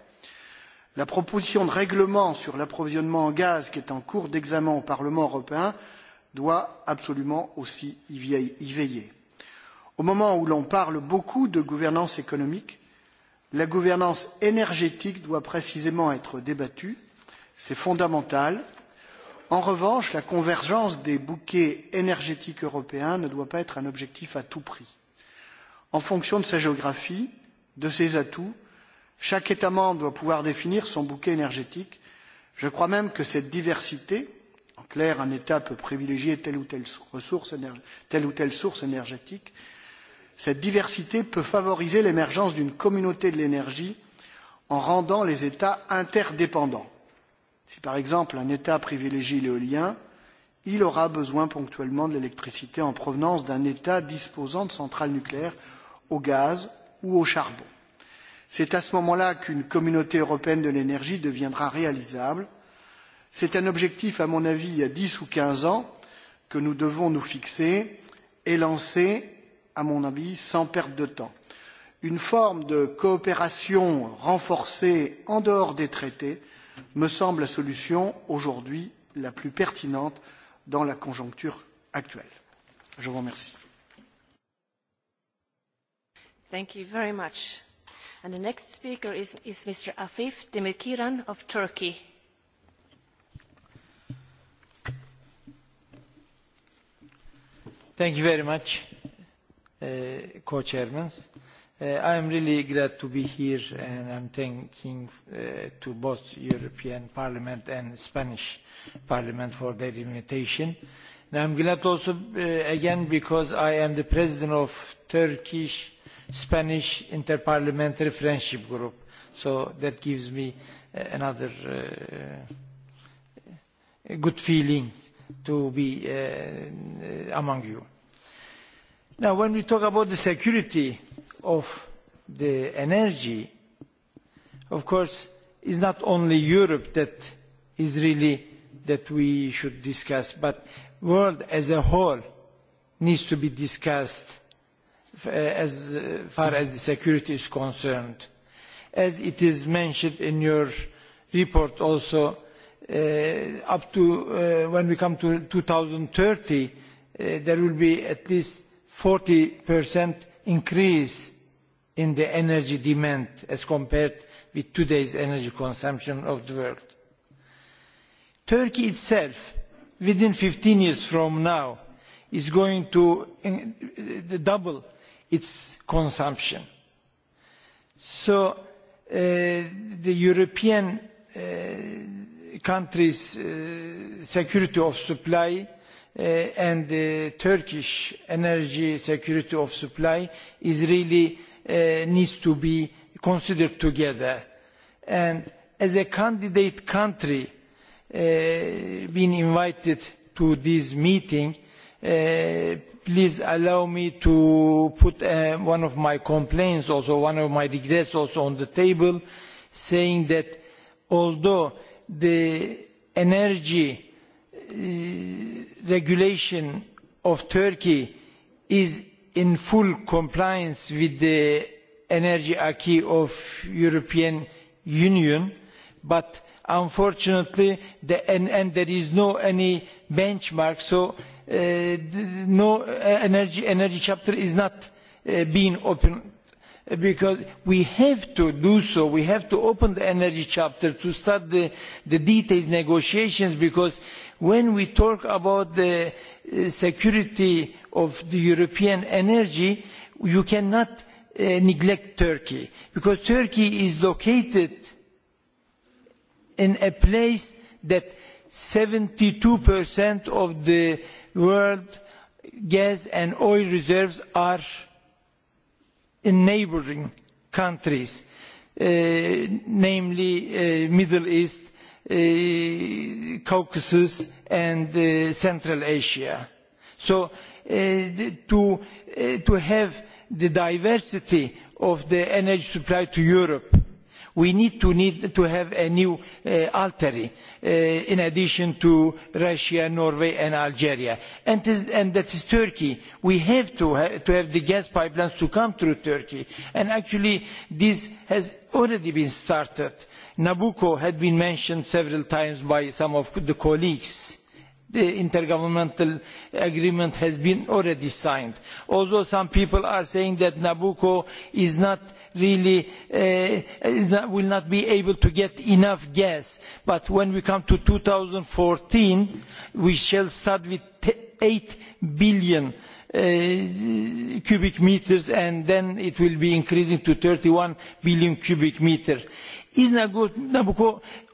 La proposition de règlement sur l'approvisionnement en gaz qui est en cours d'examen au Parlement européen doit absolument aussi y veiller. Au moment où l'on parle beaucoup de gouvernance économique, la gouvernance énergétique doit précisément être débattue. C'est fondamental en revanche, la convergence des bouquets énergétiques européens ne doit pas être un objectif à tout prix. En fonction de sa géographie, de ses atouts, chaque État membre doit pouvoir définir son bouquet énergétique. Je crois même que cette diversité, en clair, un État peut privilégier telle ou telle, ressource, telle, ou telle source énergétique, cette diversité peut favoriser l'émergence d'une communauté de l'énergie en rendant les États interdépendants. Si par exemple un État privilégie l'éolien, il aura besoin ponctuellement de l'électricité en provenance d'un État disposant de centrales nucléaires au gaz ou au charbon. C'est à ce moment-là qu'une communauté européenne de l'énergie deviendra réalisable. C'est un objectif, à mon avis, il y a 10 ou 15 ans, que nous devons nous fixer et lancer, à mon avis, sans perte de temps. Une forme de coopération renforcée en dehors des traités me semble la solution aujourd'hui la plus pertinente dans la conjoncture actuelle. Je vous remercie. Thank you very much. And the next speaker is, is Mr. Afif Demirkiran of Turkey. Thank you very much, uh, co-chairmans. Uh, Uh, I am really glad to be here and I'm thanking uh, to both European Parliament and Spanish Parliament for their invitation. And I'm glad also uh, again because I am the president of Turkish Spanish Interparliamentary Friendship Group. So that gives me uh, another uh, good feeling to be uh, among you. Now when we talk about the security of the energy, of course, is not only Europe that is really that we should discuss, but world as a whole needs to be discussed uh, as uh, far as the security is concerned. As it is mentioned in your report also, uh, up to uh, when we come to 2030, uh, there will be at least 40% increase in the energy demand as compared with today's energy consumption of the world. Turkey itself, within 15 years from now, is going to uh, double its consumption. So uh, the European uh, countries' uh, security of supply uh, and the Turkish energy security of supply is really uh, Uh, needs to be considered together. And as a candidate country uh, being invited to this meeting, uh, please allow me to put uh, one of my complaints also one of my regrets also on the table saying that although the energy uh, regulation of turkey is in full compliance with the energy acquis of European Union, but unfortunately, the, and, and there is no any benchmark, so uh, no uh, energy, energy chapter is not uh, being open because we have to do so. We have to open the energy chapter to start the, the detailed negotiations because when we talk about the uh, security of the European energy, you cannot uh, neglect Turkey because Turkey is located in a place that 72% of the world gas and oil reserves are in neighbouring countries, uh, namely the uh, Middle East, uh, Caucasus and Central Asia. So to have the diversity of the energy supply to Europe we need to, have a new uh, alternate uh, in addition to russia norway and algeria and, that is turkey. we have to, have the gas pipelines to come through turkey and actually this has already been started. nabucco has been mentioned several times by some of the colleagues the intergovernmental agreement has been already signed. Although some people are saying that Nabucco is not really, uh, will not be able to get enough gas, but when we come to 2014, we shall start with 8 billion Uh, cubic meters and then it will be increasing to 31 billion cubic meters. Is Nabucco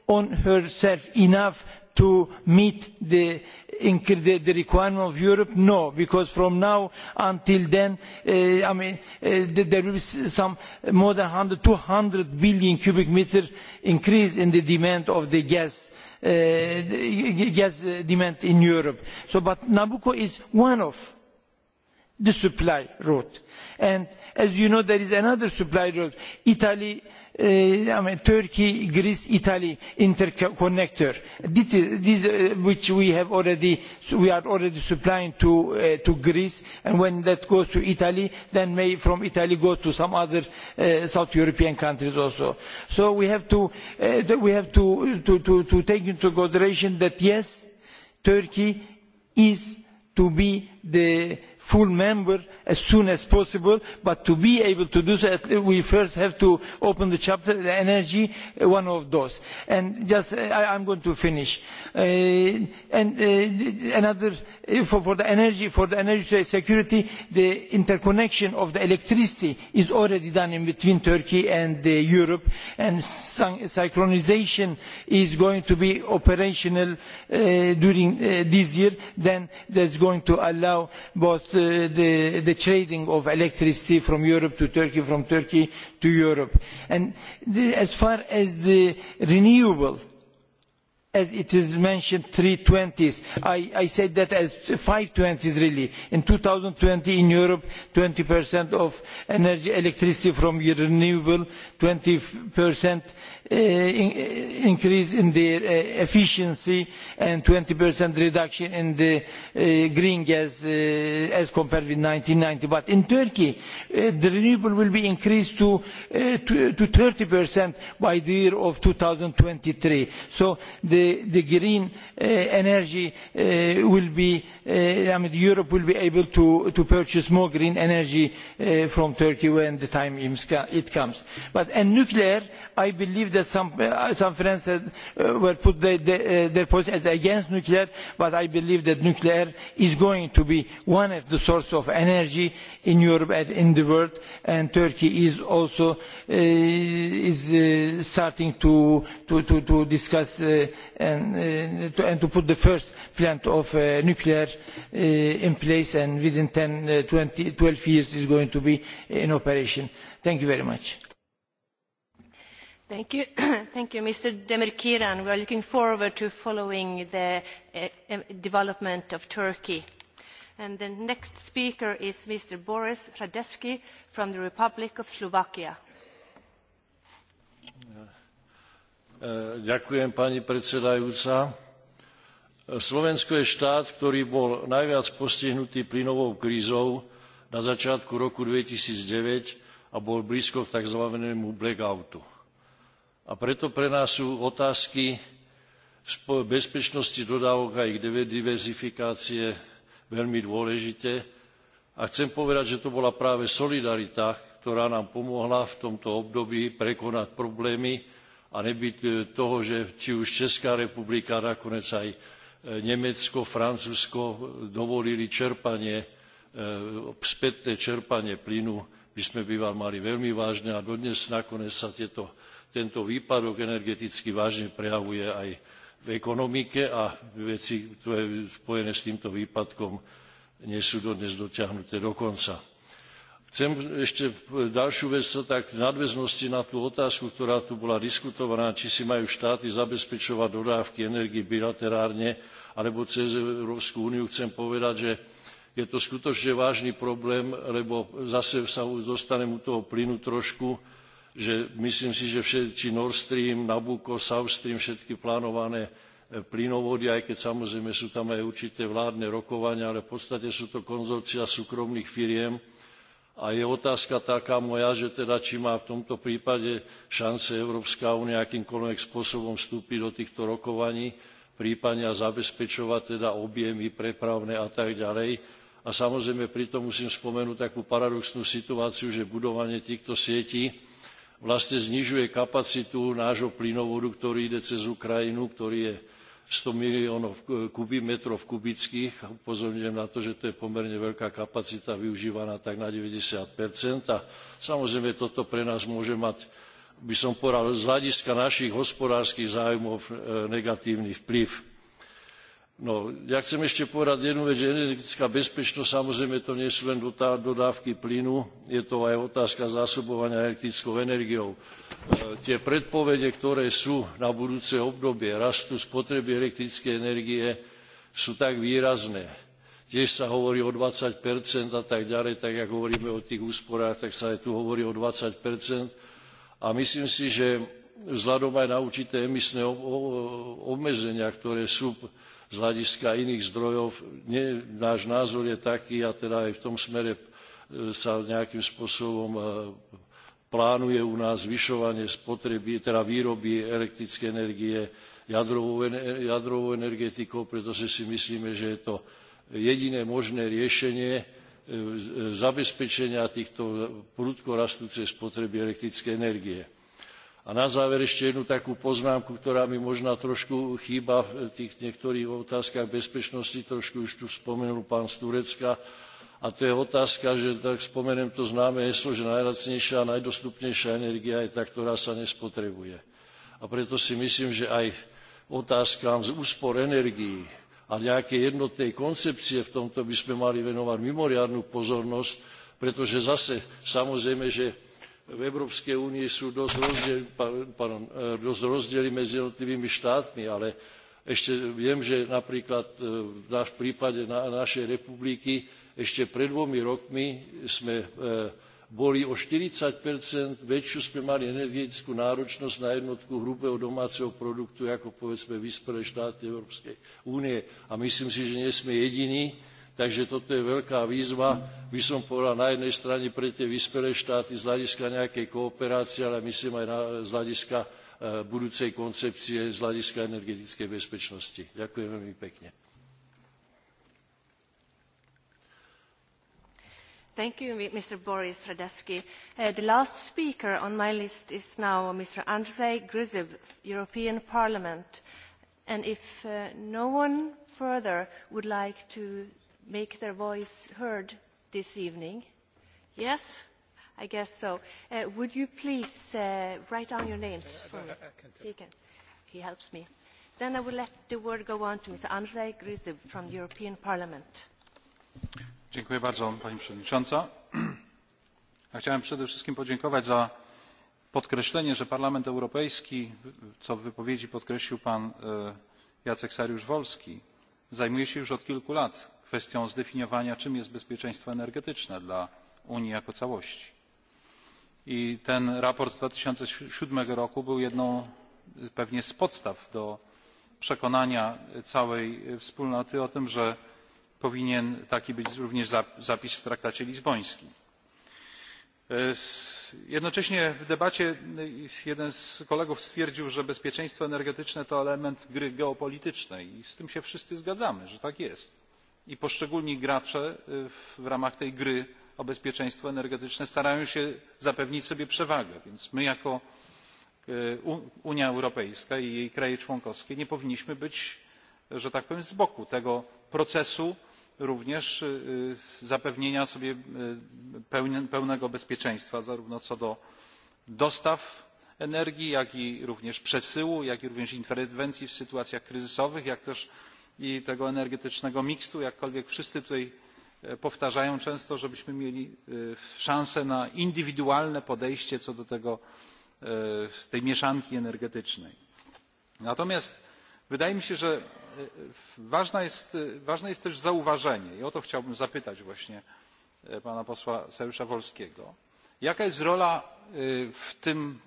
on herself enough to meet the, the requirement of Europe? No, because from now until then, uh, I mean, uh, there will be some more than 100, 200 billion cubic meter increase in the demand of the gas, uh, gas uh, demand in Europe. So, but Nabucco is one of the supply route. And as you know, there is another supply route. Italy uh, Turkey, Greece, Italy interconnector. This, this, uh, which we have already, we are already supplying to, uh, to Greece, and when that goes to Italy, then may from Italy go to some other uh, South European countries also. So we have to, uh, we have to, to, to, to take into consideration that yes, Turkey is to be the full member as soon as possible but to be able to do that we first have to open the chapter on energy uh, one of those. and just uh, i am going to finish. Uh, and, another Eh, for, the energy for the energy security the interconnection of the electricity is already done in between turkey and uh, europe and synchronization is going to be operational uh, during uh, this year then that's going to allow both the, the trading of electricity from europe to turkey from turkey to europe and the, as far as the renewable as it is mentioned, three twenties. I, said that as five twenties, really. In 2020 in Europe, 20% of energy electricity from renewable, 20% Eh, eh, increase in their eh, efficiency and 20% reduction in the green gas as compared with 1990. But in Turkey, the renewable will be increased to, to, to 30% by the year of 2023. So the, the green Uh, energy uh, will be uh, I mean, Europe will be able to, to purchase more green energy from Turkey when the time it comes. But on nuclear, I believe that some, some friends have were put their, their, position as against nuclear, but I believe that nuclear is going to be one of the sources of energy in Europe and in the world, and Turkey is also is starting to, to, to, discuss and and to put the first plant of uh, nuclear uh, in place and within ten uh, twelve years it is going to be in operation. Thank you very much. Thank you. Mr. Demirkiran. We are looking forward to following the development of Turkey. the next speaker is Mr. Boris Radeski from the Republic of Slovakia. ďakujem, pani predsedajúca Slovensko je štát, ktorý bol najviac postihnutý plynovou krízou na začiatku roku 2009 a bol blízko k tzv. blackoutu. A preto pre nás sú otázky bezpečnosti dodávok a ich diverzifikácie veľmi dôležité. A chcem povedať, že to bola práve solidarita, ktorá nám pomohla v tomto období prekonať problémy a nebyť e, toho, že či už Česká republika, nakoniec aj Nemecko, Francúzsko dovolili čerpanie, e, spätné čerpanie plynu, by sme bývali mali veľmi vážne a dodnes nakoniec sa tieto, tento výpadok energeticky vážne prejavuje aj v ekonomike a veci, ktoré spojené s týmto výpadkom nie sú dodnes dotiahnuté do konca Chcem ešte ďalšiu vec tak v nadväznosti na tú otázku, ktorá tu bola diskutovaná, či si majú štáty zabezpečovať dodávky energií bilaterálne alebo cez Európsku úniu. Chcem povedať, že je to skutočne vážny problém, lebo zase sa dostanem u toho plynu trošku, že myslím si, že všetci Nord Stream, Nabucco, South Stream, všetky plánované e, plynovody, aj keď samozrejme sú tam aj určité vládne rokovania, ale v podstate sú to konzorcia súkromných firiem, a je otázka taká moja, že teda či má v tomto prípade šance Európska únia akýmkoľvek spôsobom vstúpiť do týchto rokovaní, prípadne a zabezpečovať teda objemy prepravné a tak ďalej. A samozrejme pritom musím spomenúť takú paradoxnú situáciu, že budovanie týchto sietí vlastne znižuje kapacitu nášho plynovodu, ktorý ide cez Ukrajinu, ktorý je sto miliónov metrov kubických. Upozorňujem na to, že to je pomerne veľká kapacita využívaná tak na ninety A samozrejme toto pre nás môže mať, by som povedal, z hľadiska našich hospodárskych záujmov e, negatívny vplyv. No, ja chcem ešte povedať jednu vec, že energetická bezpečnosť, samozrejme to nie sú len dodávky plynu, je to aj otázka zásobovania elektrickou energiou Eh, tie predpovede, ktoré sú na budúce obdobie rastu spotreby elektrickej energie, sú tak výrazné. Tiež sa hovorí o 20 a tak ďalej, tak ako hovoríme o tých úsporách, tak sa aj tu hovorí o 20 A myslím si, že vzhľadom aj na určité emisné obmedzenia, ktoré sú z hľadiska iných zdrojov, nie, náš názor je taký a teda aj v tom smere e, sa nejakým spôsobom e, plánuje u nás zvyšovanie spotreby, teda výroby elektrickej energie jadrovou, energetikou, pretože si myslíme, že je to jediné možné riešenie e, e, zabezpečenia týchto prudko rastúcej spotreby elektrickej energie. A na záver ešte jednu takú poznámku, ktorá mi možno trošku chýba v tých niektorých otázkach bezpečnosti, trošku už tu spomenul pán z Turecka, a to je otázka, že tak spomeniem to známe heslo, že najlacnejšia a najdostupnejšia energia je tá, ktorá sa nespotrebuje. A preto si myslím, že aj otázkám z úspor energií a nejakej jednotnej koncepcie v tomto by sme mali venovať mimoriadnu pozornosť, pretože zase samozrejme, že v Európskej únii sú dosť e, rozdiely medzi jednotlivými štátmi, ale ešte viem že napríklad e, v prípade našej republiky ešte pred dvomi rokmi sme e, boli o forty väčšiu sme mali energetickú náročnosť na jednotku hrubého domáceho produktu ako povedzme vyspelé štáty európskej únie a myslím si že nie sme jediní takže toto je veľká výzva by som povedal na jednej strane pre tie vyspelé štáty z hľadiska nejakej kooperácie ale myslím aj z hľadiska E, budúcej koncepcie z hľadiska energetickej bezpečnosti. Ďakujem veľmi pekne. Thank you, Mr. Boris Radesky. Uh, the last speaker on my list is now Mr. Andrzej Grzyb, European Parliament. And if uh, no one further would like to make their voice heard this evening, yes? I guess so. Uh, would you please uh, write down your names uh, for me? He, can. he helps me. Then I will let the word go on to Mr. Andrzej Gryzyb from the European Parliament. Dziękuję bardzo Pani Przewodnicząca. Ja chciałem przede wszystkim podziękować za podkreślenie, że Parlament Europejski, co w wypowiedzi podkreślił Pan e, Jacek Sariusz-Wolski, zajmuje się już od kilku lat kwestią zdefiniowania, czym jest bezpieczeństwo energetyczne dla Unii jako całości i to sprawozdanie z dwa tysiące siedem roku było jedną pewnie z podstaw do przekonania całej wspólnoty o tym że powinien taki być również zapis w traktacie lizbońskim. jednocześnie w debacie jeden z kolegów stwierdził że bezpieczeństwo energetyczne to element gry geopolitycznej i z tym się wszyscy zgadzamy że tak jest i poszczególni gracze w ramach tej gry o bezpieczeństwo energetyczne starają się zapewnić sobie przewagę więc my jako e, unia europejska i jej kraje członkowskie nie powinniśmy być że tak powiem z boku tego procesu również e, zapewnienia sobie e, pełnego bezpieczeństwa zarówno co do dostaw energii jak i również przesyłu jak i również interwencji w sytuacjach kryzysowych jak też i tego energetycznego miksu jakkolwiek wszyscy tutaj E, powtarzają często żebyśmy mieli e, szansę na indywidualne podejście co do e, tej mieszanki energetycznej. natomiast wydaje mi się że ważne jest, też zauważenie i o to chciałbym zapytać właśnie pana posła saryusza wolskiego jaka jest rola w tym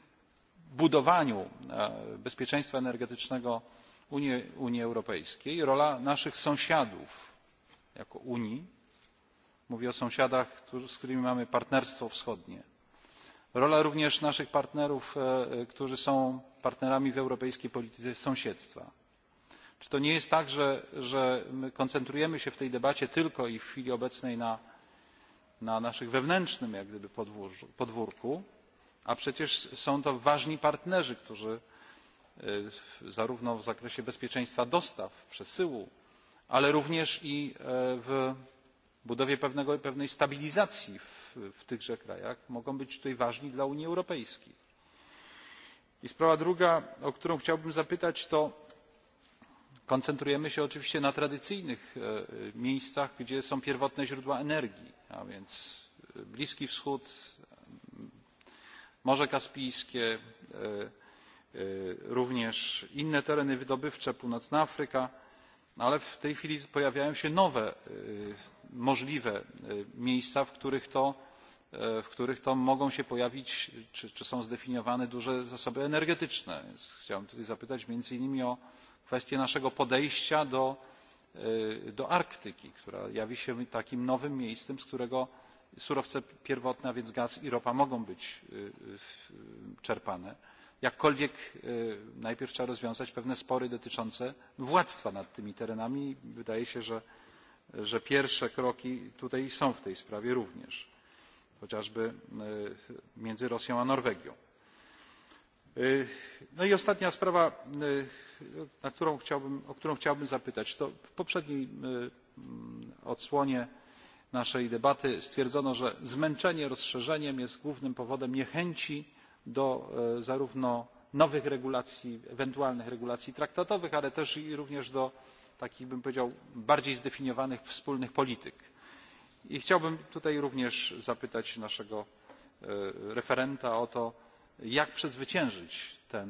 budowaniu bezpieczeństwa energetycznego unii europejskiej rola naszych sąsiadów jako unii mówię o sąsiadach z którymi mamy partnerstwo wschodnie. rola również naszych partnerów e, e, którzy są partnerami w europejskiej polityce sąsiedztwa. czy to nie jest tak że, my koncentrujemy się w tej debacie tylko i w chwili obecnej na, naszym wewnętrznym jak gdyby podwórku a przecież są to ważni partnerzy którzy e, zarówno w zakresie bezpieczeństwa dostaw przesyłu ale również i w budowie pewnej stabilizacji w tychże krajach mogą być tutaj ważni dla unii europejskiej. i sprawa druga o którą chciałbym zapytać to koncentrujemy się oczywiście na tradycyjnych e, miejscach gdzie są pierwotne źródła energii a więc e, bliski wschód morze kaspijskie e, również inne tereny wydobywcze północna afryka no ale w tej chwili pojawiają się nowe możliwe e, miejsca e, w których to, mogą się pojawić czy, są zdefiniowane duże zasoby energetyczne. Więc chciałem tutaj zapytać między innymi o kwestię naszego podejścia do, e, do arktyki która jawi się takim nowym miejscem z którego surowce pierwotne a więc gaz i ropa mogą być czerpane. jakkolwiek najpierw trzeba rozwiązać pewne spory dotyczące władztwa nad tymi terenami i wydaje się że że pierwsze kroki tutaj są w tej sprawie również chociażby e, między rosją a norwegią. E, no i ostatnia sprawa e, o którą chciałbym zapytać to w poprzedniej odsłonie naszej debaty stwierdzono że zmęczenie rozszerzeniem jest głównym powodem niechęci do zarówno nowych regulacji ewentualnych regulacji traktatowych ale też i również do takich bym powiedział bardziej zdefiniowanych wspólnych polityk. I chciałbym tutaj również zapytać naszego e, referenta o to jak przezwyciężyć tę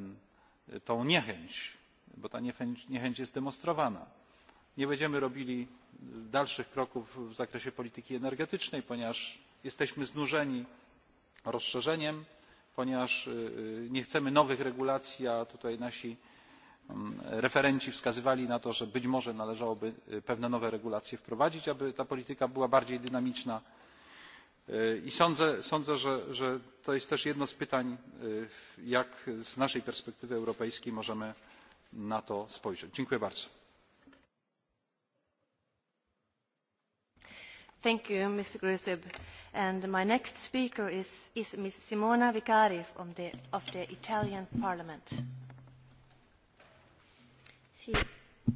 e, niechęć bo ta niechęć jest demonstrowana. nie będziemy robili e, dalszych kroków w zakresie polityki energetycznej ponieważ jesteśmy znużeni rozszerzeniem ponieważ nie chcemy nowych regulacji a tutaj nasi Mm, referenci wskazywali na to że być może należałoby pewne nowe regulacje wprowadzić aby ta polityka była bardziej dynamiczna i sądzę, że, to jest też jedno z pytań jak z naszej perspektywy europejskiej możemy na to spojrzeć. dziękuję bardzo. Thank you, Mr. Grzyb. And my next speaker is, Ms. Simona Vicari of the Italian Parliament. Sì,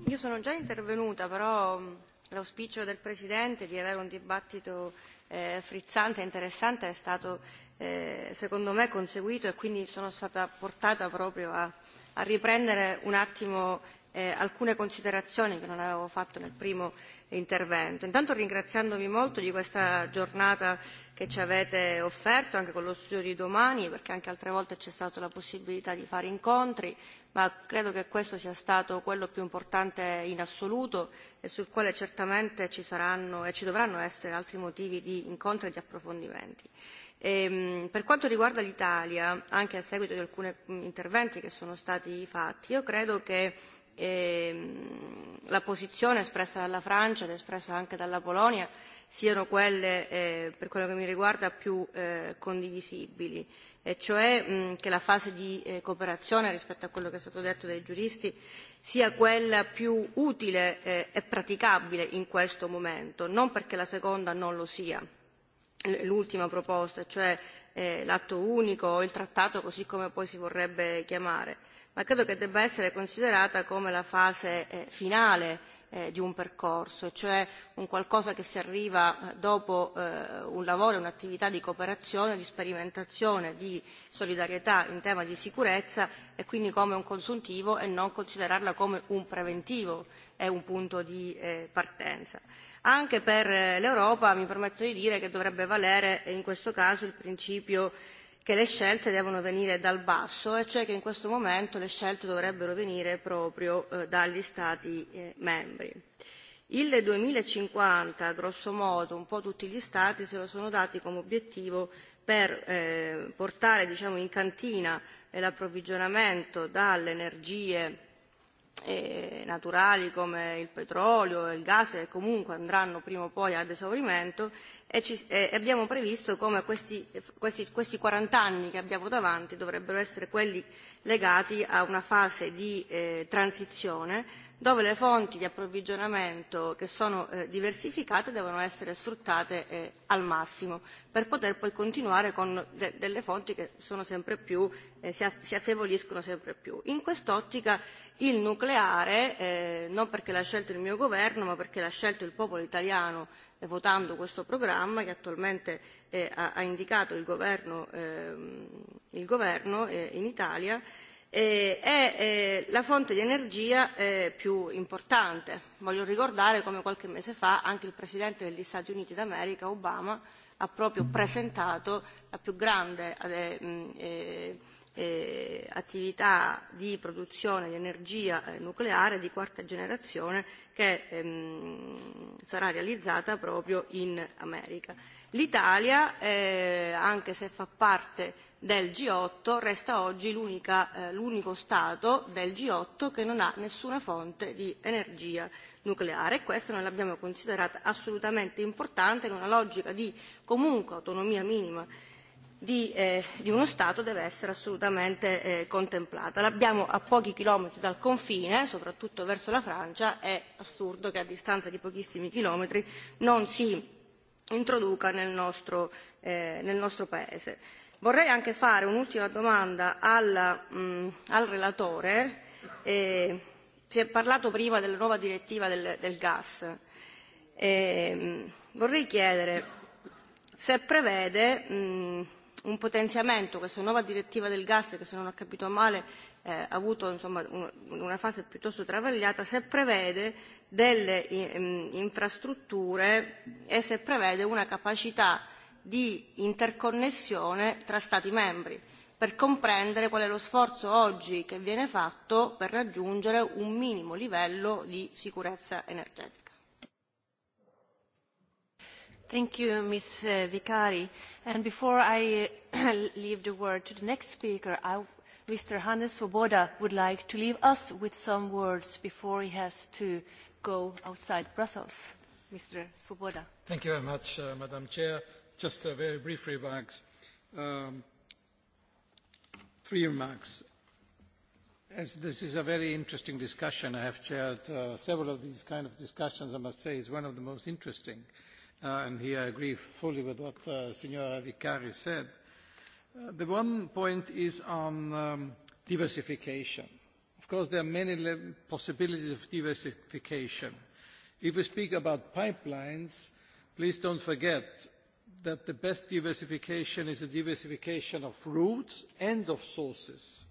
io sono già intervenuta, però mm, l'auspicio del Presidente di avere un dibattito eh, frizzante e interessante è stato eh, secondo me conseguito e quindi sono stata portata proprio a, a riprendere un attimo eh, alcune considerazioni che non avevo fatto nel primo intervento. Intanto ringraziandomi molto di questa giornata che ci avete offerto anche con lo studio di domani, perché anche altre volte c'è stata la possibilità di fare incontri, ma credo che questo sia stato quello più importante in assoluto e sul quale certamente ci saranno e ci dovranno essere altri motivi di incontri e di approfondimenti. E, per quanto riguarda l'Italia, anche a seguito di alcuni interventi che sono stati fatti, io credo che eh, la posizione espressa dalla Francia ed espressa anche dalla Polonia siano quelle, eh, per quello che mi riguarda, più eh, condivisibili, e cioè mh, che la fase di eh, cooperazione rispetto a quello che è stato detto dai giuristi sia quella più utile eh, e praticabile in questo momento, non perché la seconda non lo sia, l'ultima proposta, cioè eh, l'atto unico o il trattato così come poi si vorrebbe chiamare, ma credo che debba essere considerata come la fase eh, finale eh, di un percorso, e cioè un qualcosa che si arriva eh, dopo eh, un lavoro, un'attività di cooperazione, di sperimentazione, di solidarietà in tema di sicurezza e quindi come un consuntivo e non considerarla come un preventivo e un punto di eh, partenza. Anche per eh, l'Europa mi permetto di dire che dovrebbe valere in questo caso il principio che le scelte devono venire dal basso e cioè che in questo momento le scelte dovrebbero venire proprio eh, dagli Stati eh, membri. Il 2050, grosso modo, un po' tutti gli Stati se lo sono dati come obiettivo per eh, portare diciamo, in cantina eh, l'approvvigionamento dalle energie eh, naturali come il petrolio e il gas che comunque andranno prima o poi ad esaurimento e, ci, e, e abbiamo previsto come questi, questi, questi 40 anni che abbiamo davanti dovrebbero essere quelli legati a una fase di eh, transizione dove le fonti di approvvigionamento che sono eh, diversificate devono essere sfruttate eh, al massimo per poter poi continuare con de- delle fonti che sono sempre più, eh, si, a- si affievoliscono sempre più. In quest'ottica il nucleare, eh, non perché l'ha scelto il mio governo, ma perché l'ha scelto il popolo italiano eh, votando questo programma che attualmente eh, ha, ha indicato il governo, ehm, il governo eh, in Italia, eh, è eh, la fonte di energia eh, più importante. Voglio ricordare come qualche mese fa anche il Presidente degli Stati Uniti d'America, Obama, ha proprio presentato la più grande eh, eh, eh, attività di produzione di energia eh, nucleare di quarta generazione che ehm, sarà realizzata proprio in America. L'Italia, eh, anche se fa parte del G8, resta oggi eh, l'unico eh, Stato del G8 che non ha nessuna fonte di energia nucleare e questo noi l'abbiamo considerata assolutamente importante in una logica di comunque autonomia minima di, eh, di uno Stato deve essere assolutamente eh, contemplata. L'abbiamo a pochi chilometri dal confine, soprattutto verso la Francia, è assurdo che a distanza di pochissimi chilometri non si introduca nel nostro, eh, nel nostro Paese. Vorrei anche fare un'ultima domanda alla, mh, mm, al relatore. Eh, si è parlato prima della nuova direttiva del, del gas. Eh, vorrei chiedere se prevede mh, mm, un potenziamento, questa nuova direttiva del gas, che se non ho capito male eh, avuto insomma, un, una fase piuttosto travagliata, se prevede delle in, mm, infrastrutture e se prevede una capacità di interconnessione tra Stati membri per comprendere qual è lo sforzo oggi che viene fatto per raggiungere un minimo livello di sicurezza energetica. Thank you, Ms. Eh, Vicari. And before I leave the word to the next speaker, I Mr. Hannes Svoboda would like to leave us with some words before he has to go outside Brussels. Mr. Svoboda. Thank you very much, uh, Madam Chair. Just a very brief remarks. Um, three remarks. As this is a very interesting discussion, I have chaired uh, several of these kind of discussions. I must say it's one of the most interesting. Uh, and here I agree fully with what uh, Signora Vicari said. Uh, the one point is on um, diversification. Of course, there are many possibilities of diversification. If we speak about pipelines, please don't forget that the best diversification is a diversification of routes and of sources.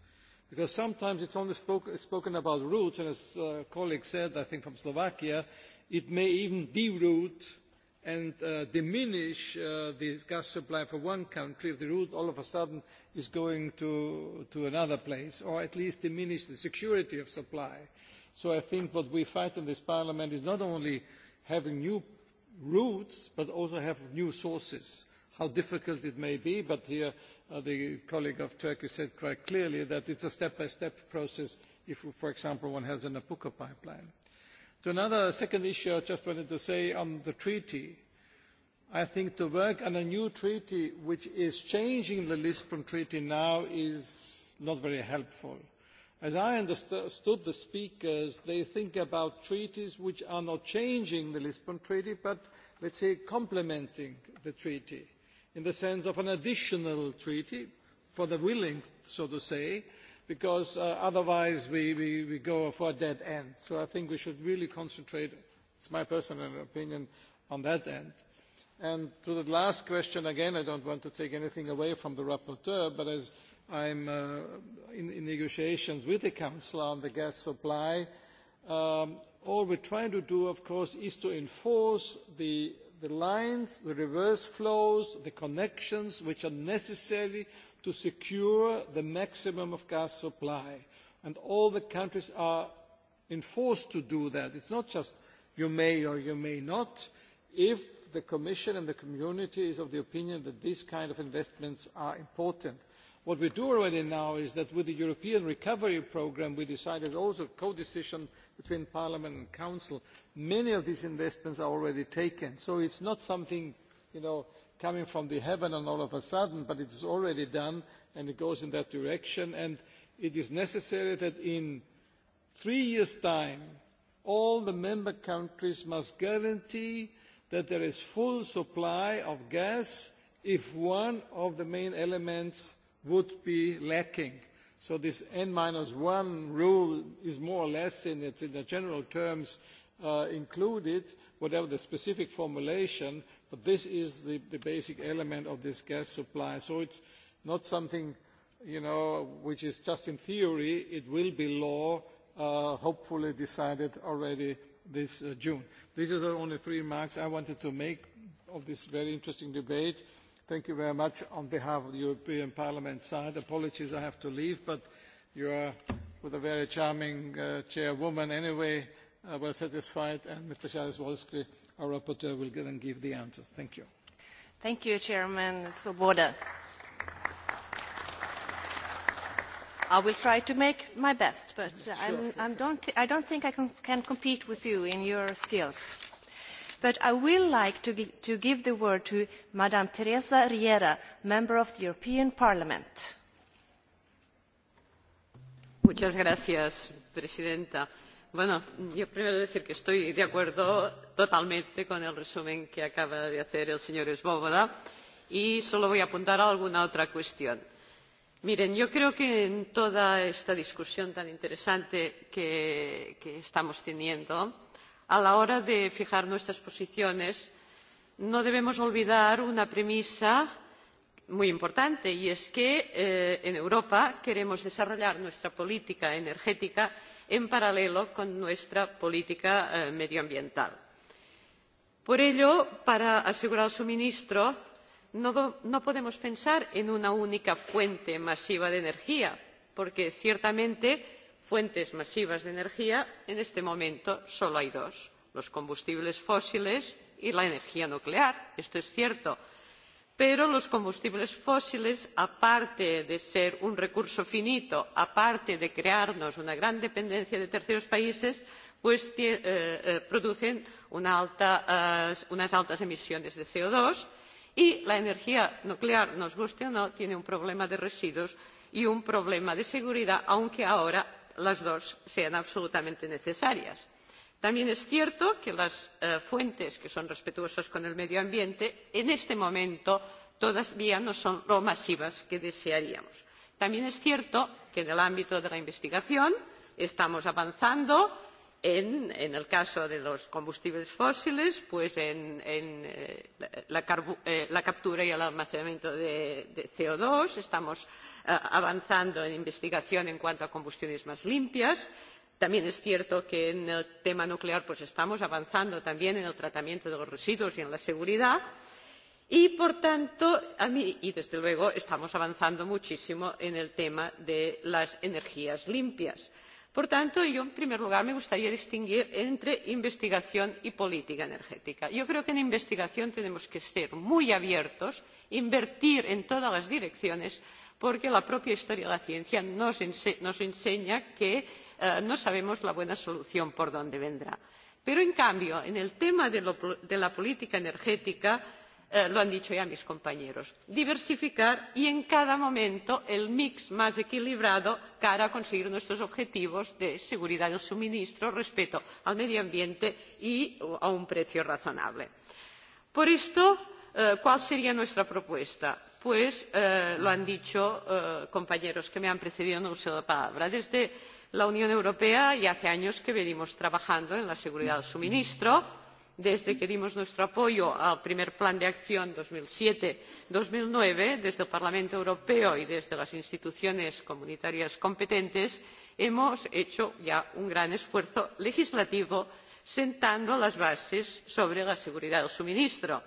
Because sometimes it's only spoke, spoken about routes, and as a uh, colleague said, I think from Slovakia, it may even deroute and uh, diminish uh, the gas supply for one country if the route all of a sudden is going to, to another place, or at least diminish the security of supply. So I think what we fight in this Parliament is not only having new routes, but also have new sources, how difficult it may be. But here uh, the colleague of Turkey said quite clearly that it's a step-by-step process if, for example, one has an Apuka pipeline. To another second issue, I just wanted to say on the treaty. I think to work on a new treaty which is changing the Lisbon Treaty now is not very helpful. As I understood the speakers, they think about treaties which are not changing the Lisbon Treaty, but let's say complementing the treaty in the sense of an additional treaty for the willing, so to say, because uh, otherwise we, we, we go for a dead end. So I think we should really concentrate, it's my personal opinion, on that end. And to the last question, again, I don't want to take anything away from the rapporteur, but as I'm uh, in, in negotiations with the Council on the gas supply, um, all we're trying to do, of course, is to enforce the, the lines, the reverse flows, the connections which are necessary to secure the maximum of gas supply. And all the countries are enforced to do that. It's not just you may or you may not. If the Commission and the community is of the opinion that these kind of investments are important, what we do already now is that with the European Recovery Programme, we decided also co-decision between Parliament and Council. Many of these investments are already taken. So it's not something, you know, coming from the heaven and all of a sudden, but it is already done and it goes in that direction. And it is necessary that in three years' time, all the member countries must guarantee that there is full supply of gas if one of the main elements would be lacking. So this N minus one rule is more or less in its in the general terms uh, included, whatever the specific formulation, But this is the, the basic element of this gas supply. So it's not something, you know, which is just in theory. It will be law, uh, hopefully decided already this uh, June. These are the only three remarks I wanted to make of this very interesting debate. Thank you very much on behalf of the European Parliament side. Apologies I have to leave, but you are, with a very charming uh, chairwoman anyway, uh, well satisfied, and Mr. Charles Wolski Our rapporteur will then give the answer. Thank you. Thank you, Chairman Svoboda. I will try to make my best, but sure, I'm, I'm don't th I don't think I can, can compete with you in your skills. But I will like to, to give the word to Madame Teresa Riera, Member of the European Parliament. Muchas gracias, Presidenta. Bueno, yo primero decir que estoy de acuerdo totalmente con el resumen que acaba de hacer el señor Svoboda y solo voy a apuntar a alguna otra cuestión. Miren, yo creo que en toda esta discusión tan interesante que, que estamos teniendo, a la hora de fijar nuestras posiciones, no debemos olvidar una premisa muy importante y es que eh, en Europa queremos desarrollar nuestra política energética en paralelo con nuestra política eh, medioambiental por ello para asegurar el suministro no, no podemos pensar en una única fuente masiva de energía porque ciertamente fuentes masivas de energía en este momento solo hay dos los combustibles fósiles y la energía nuclear esto es cierto pero pero los combustibles fósiles aparte de ser un recurso finito aparte de crearnos una gran dependencia de terceros países eh, eh, producen eh, unas altas emisiones de co dos y la energía nuclear nos guste o no tiene un problema de residuos y un problema de seguridad aunque ahora las dos sean absolutamente necesarias también es cierto que las eh, fuentes que son respetuosas con el medio ambiente en este momento todavía no son lo masivas que desearíamos. también es cierto que en el ámbito de la investigación estamos avanzando en, en el caso de los combustibles fósiles pues en, en eh, la, eh, la captura y el almacenamiento de, de co dos estamos eh, avanzando en investigación en cuanto a combustiones más limpias también es cierto que en el tema nuclear estamos avanzando también en el tratamiento de los residuos y en la seguridad y por tanto y desde luego estamos avanzando muchísimo en el tema de las energías limpias. por tanto yo en primer lugar me gustaría distinguir entre investigación y política energética. yo creo que en investigación tenemos que ser muy abiertos invertir en todas las direcciones porque la propia historia de la ciencia nos enseña que Eh, no sabemos la buena solución por dónde vendrá. Pero, en cambio, en el tema de, la política energética, eh, lo han dicho ya mis compañeros, diversificar y en cada momento el mix más equilibrado cara a conseguir nuestros objetivos de seguridad del suministro, respeto del medio ambiente y a un precio razonable. Por esto, eh, ¿cuál sería nuestra propuesta? Pues lo han dicho compañeros que me han precedido en no el uso de la palabra. Desde la unión europea ya hace años que viene trabajando en la seguridad del suministro desde que dimos nuestro apoyo al primer plan de acción dos mil siete dos mil nueve desde el parlamento europeo y desde las instituciones comunitarias competentes hemos hecho ya un gran esfuerzo legislativo sentando las bases sobre la seguridad del suministro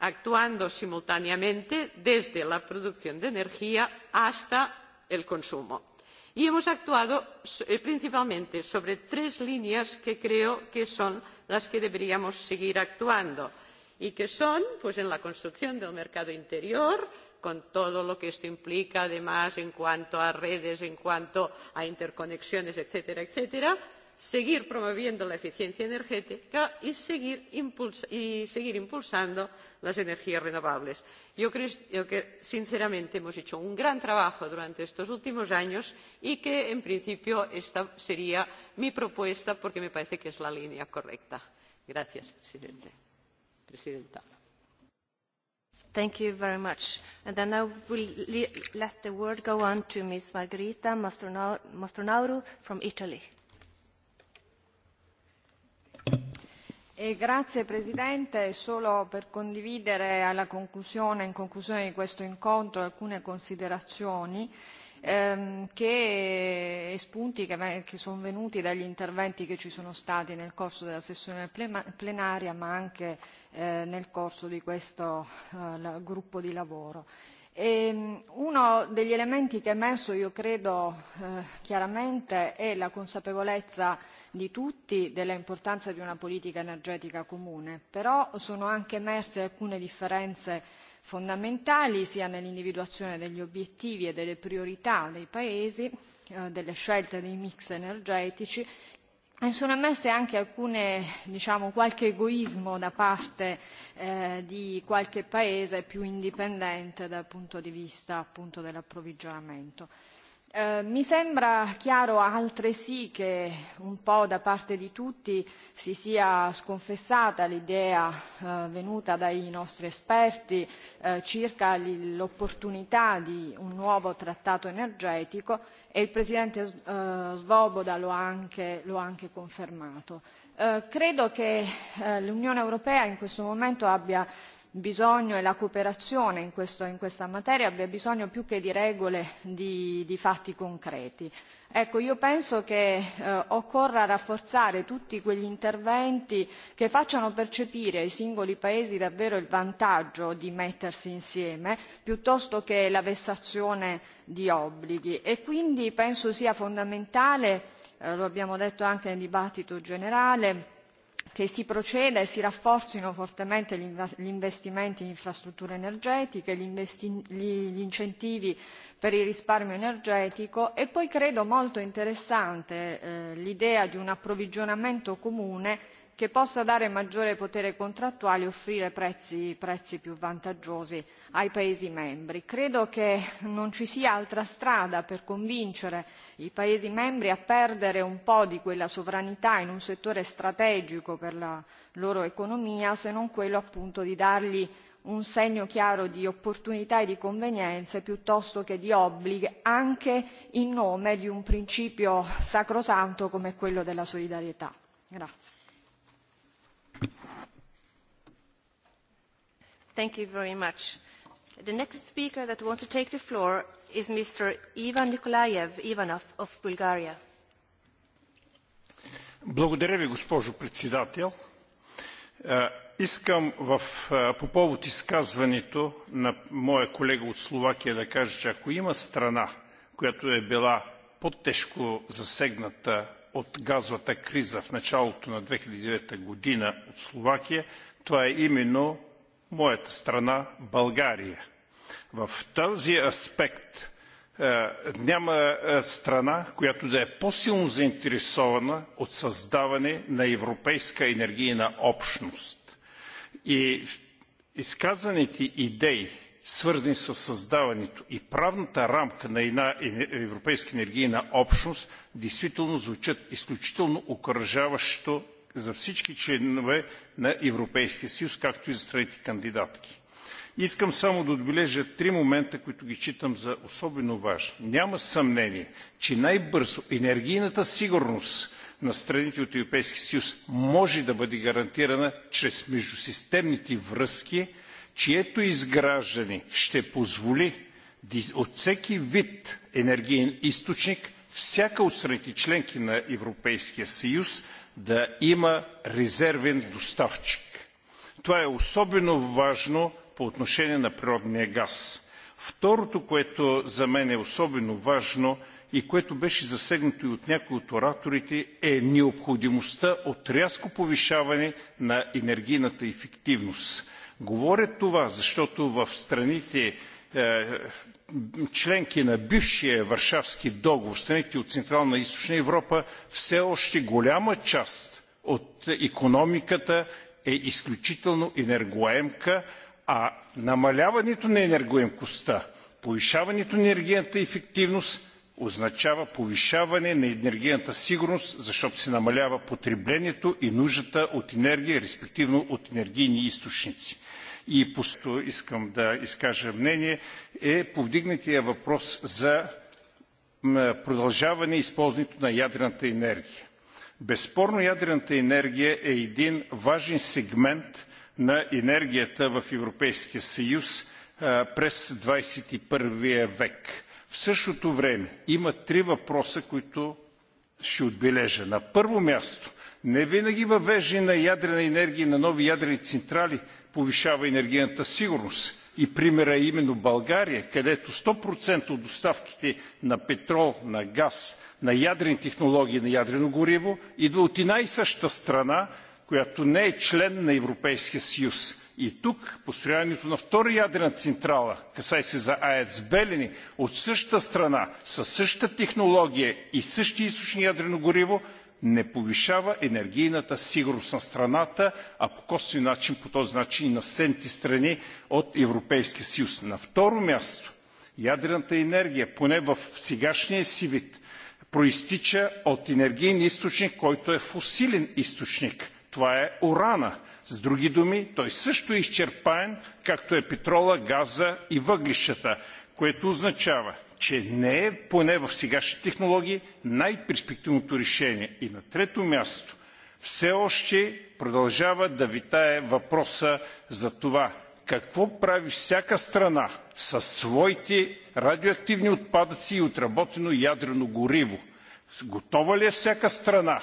actuando simultáneamente desde la producción de energía hasta el consumo y hemos actuado eh, principalmente sobre tres líneas que creo que son las que deberíamos seguir actuando y que son en la construcción del mercado interior con todo lo que esto implica además en cuanto a redes en cuanto a interconexiones etcétera etcétera; seguir promoviendo la eficiencia energética y seguir, impulsando las energías renovables. Yo creo, yo que sinceramente hemos hecho un gran trabajo durante estos últimos años y que en principio esta sería mi propuesta porque me parece que es la línea correcta. Gracias, presidente. presidenta. E grazie Presidente, solo per condividere alla conclusione, in conclusione di questo incontro alcune considerazioni ehm, che, e spunti che, che sono venuti dagli interventi che ci sono stati nel corso della sessione plenaria ma anche eh, nel corso di questo eh, gruppo di lavoro. Ehm, uno degli elementi che è emerso, io credo eh, chiaramente, è la consapevolezza di tutti dell'importanza di una politica energetica comune, però sono anche emerse alcune differenze fondamentali sia nell'individuazione degli obiettivi e delle priorità dei Paesi, eh, delle scelte dei mix energetici, sono emerse anche alcune, diciamo, qualche egoismo da parte eh, di qualche paese più indipendente dal punto di vista appunto dell'approvvigionamento. Eh, mi sembra chiaro altresì che un po' da parte di tutti si sia sconfessata l'idea eh, venuta dai nostri esperti eh, circa l'opportunità di un nuovo trattato energetico e il Presidente Svoboda lo ha anche, lo ha anche confermato. credo che l'Unione Europea in questo momento abbia bisogno e la cooperazione in, questo, in questa materia abbia bisogno più che di regole di, di fatti concreti. Ecco, io penso che eh, occorra rafforzare tutti quegli interventi che facciano percepire ai singoli paesi davvero il vantaggio di mettersi insieme piuttosto che la vessazione di obblighi e quindi penso sia fondamentale, eh, lo abbiamo detto anche nel dibattito generale, che si proceda e si rafforzino fortemente gli investimenti in infrastrutture energetiche, gli, investi- gli incentivi per il risparmio energetico e poi credo molto interessante eh, l'idea di un approvvigionamento comune che possa dare maggiore potere contrattuale e offrire prezzi, più vantaggiosi ai Paesi membri. Credo che non ci sia altra strada per convincere i Paesi membri a perdere un po' di quella sovranità in un settore strategico per la loro economia se non quello appunto di dargli un segno chiaro di opportunità e di convenienze piuttosto che di obblighi anche in nome di un principio sacrosanto come quello della solidarietà. Grazie. Thank you very much. The next speaker that wants to take the floor is Mr. Ivan Nikolaev Ivanov of Bulgaria. Благодаря ви, госпожо председател. Искам в, по повод изказването на моя колега от Словакия да кажа, че ако има страна, която е била по-тежко засегната от газовата криза в началото на 2009 година от Словакия, това е именно моята страна България. В този аспект няма страна, която да е по-силно заинтересована от създаване на европейска енергийна общност. И изказаните идеи, свързани с създаването и правната рамка на една европейска енергийна общност, действително звучат изключително окоръжаващо за всички членове на Европейския съюз, както и за страните кандидатки. Искам само да отбележа три момента, които ги считам за особено важни. Няма съмнение, че най-бързо енергийната сигурност на страните от Европейския съюз може да бъде гарантирана чрез междусистемните връзки, чието изграждане ще позволи от всеки вид енергиен източник всяка от страните членки на Европейския съюз да има резервен доставчик. Това е особено важно по отношение на природния газ. Второто, което за мен е особено важно и което беше засегнато и от някои от ораторите, е необходимостта от рязко повишаване на енергийната ефективност. Говоря това, защото в страните членки на бившия Варшавски договор, страните от Централна и Източна Европа, все още голяма част от економиката е изключително енергоемка, а намаляването на енергоемкостта, повишаването на енергийната ефективност означава повишаване на енергийната сигурност, защото се намалява потреблението и нуждата от енергия, респективно от енергийни източници и пусто искам да изкажа мнение, е повдигнатия въпрос за продължаване използването на ядрената енергия. Безспорно ядрената енергия е един важен сегмент на енергията в Европейския съюз през 21 век. В същото време има три въпроса, които ще отбележа. На първо място, не винаги въвеждане на ядрена енергия на нови ядрени централи повишава енергийната сигурност. И примерът е именно България, където 100% от доставките на петрол, на газ, на ядрени технологии, на ядрено гориво идва от една и съща страна, която не е член на Европейския съюз. И тук построяването на втора ядрена централа, касай се за АЕЦ Белени, от същата страна, със същата технология и същия източни ядрено гориво, не повишава енергийната сигурност на страната, а по косвен начин по този начин и на съседните страни от Европейския съюз. На второ място, ядрената енергия, поне в сегашния си вид, проистича от енергиен източник, който е фосилен източник. Това е урана. С други думи, той също е изчерпаем, както е петролът, газът и въглищата, което означава, че не е поне в сегашните технологии най-перспективното решение. И на трето място, все още продължава да витае въпроса за това какво прави всяка страна със своите радиоактивни отпадъци и отработено ядрено гориво. Готова ли е всяка страна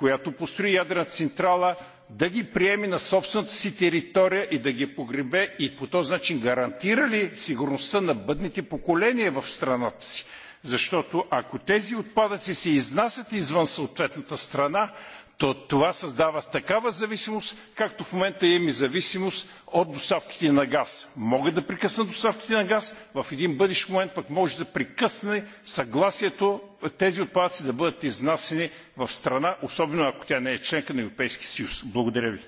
която построи ядрена централа, да ги приеме на собствената си територия и да ги погребе и по този начин гарантира ли сигурността на бъдните поколения в страната си? Защото ако тези отпадъци се изнасят извън съответната страна, то това създава такава зависимост, както в момента имаме зависимост от доставките на газ. Могат да прекъснат доставките на газ, в един бъдещ момент пък може да прекъсне съгласието тези отпадъци да бъдат изнасени в страна, особено ако тя не е членка на Европейски съюз. Благодаря ви.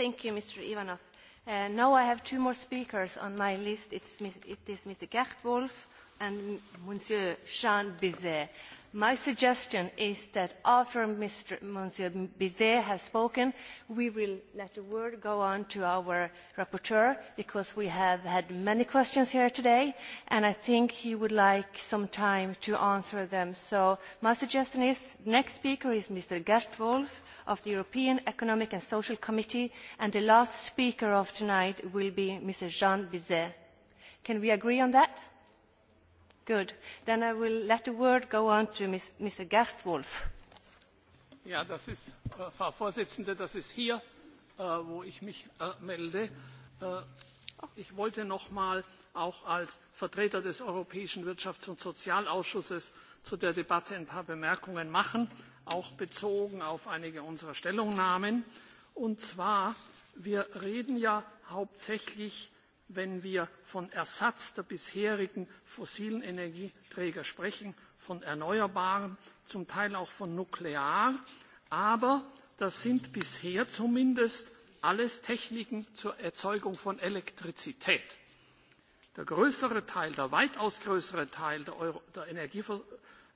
Thank you, Mr. Ivanov. Uh, now I have two more speakers on my list. It's, it is Mr. Gert Wolf, and Monsieur Jean Bizet. My suggestion is that after Mr. Monsieur Bizet has spoken, we will let the word go on to our rapporteur because we have had many questions here today and I think he would like some time to answer them. So my suggestion is next speaker is Mr. Gert Wolf of the European Economic and Social Committee and the last speaker of tonight will be Mr. Jean Bizet. Can we agree on that? Good. Then I will let the word go on to Ms, Mr. Gerstwolf. Ja, das ist, äh, Frau Vorsitzende, das ist hier, äh, wo ich mich äh, melde. Äh, ich wollte noch mal auch als Vertreter des Europäischen Wirtschafts- und Sozialausschusses zu der Debatte ein paar Bemerkungen machen, auch bezogen auf einige unserer Stellungnahmen. Und zwar, wir reden ja hauptsächlich wenn wir von ersatz der bisherigen fossilen energieträger sprechen von erneuerbaren zum teil auch von nuklear aber das sind bisher zumindest alles techniken zur erzeugung von elektrizität. der größere teil der weitaus größere teil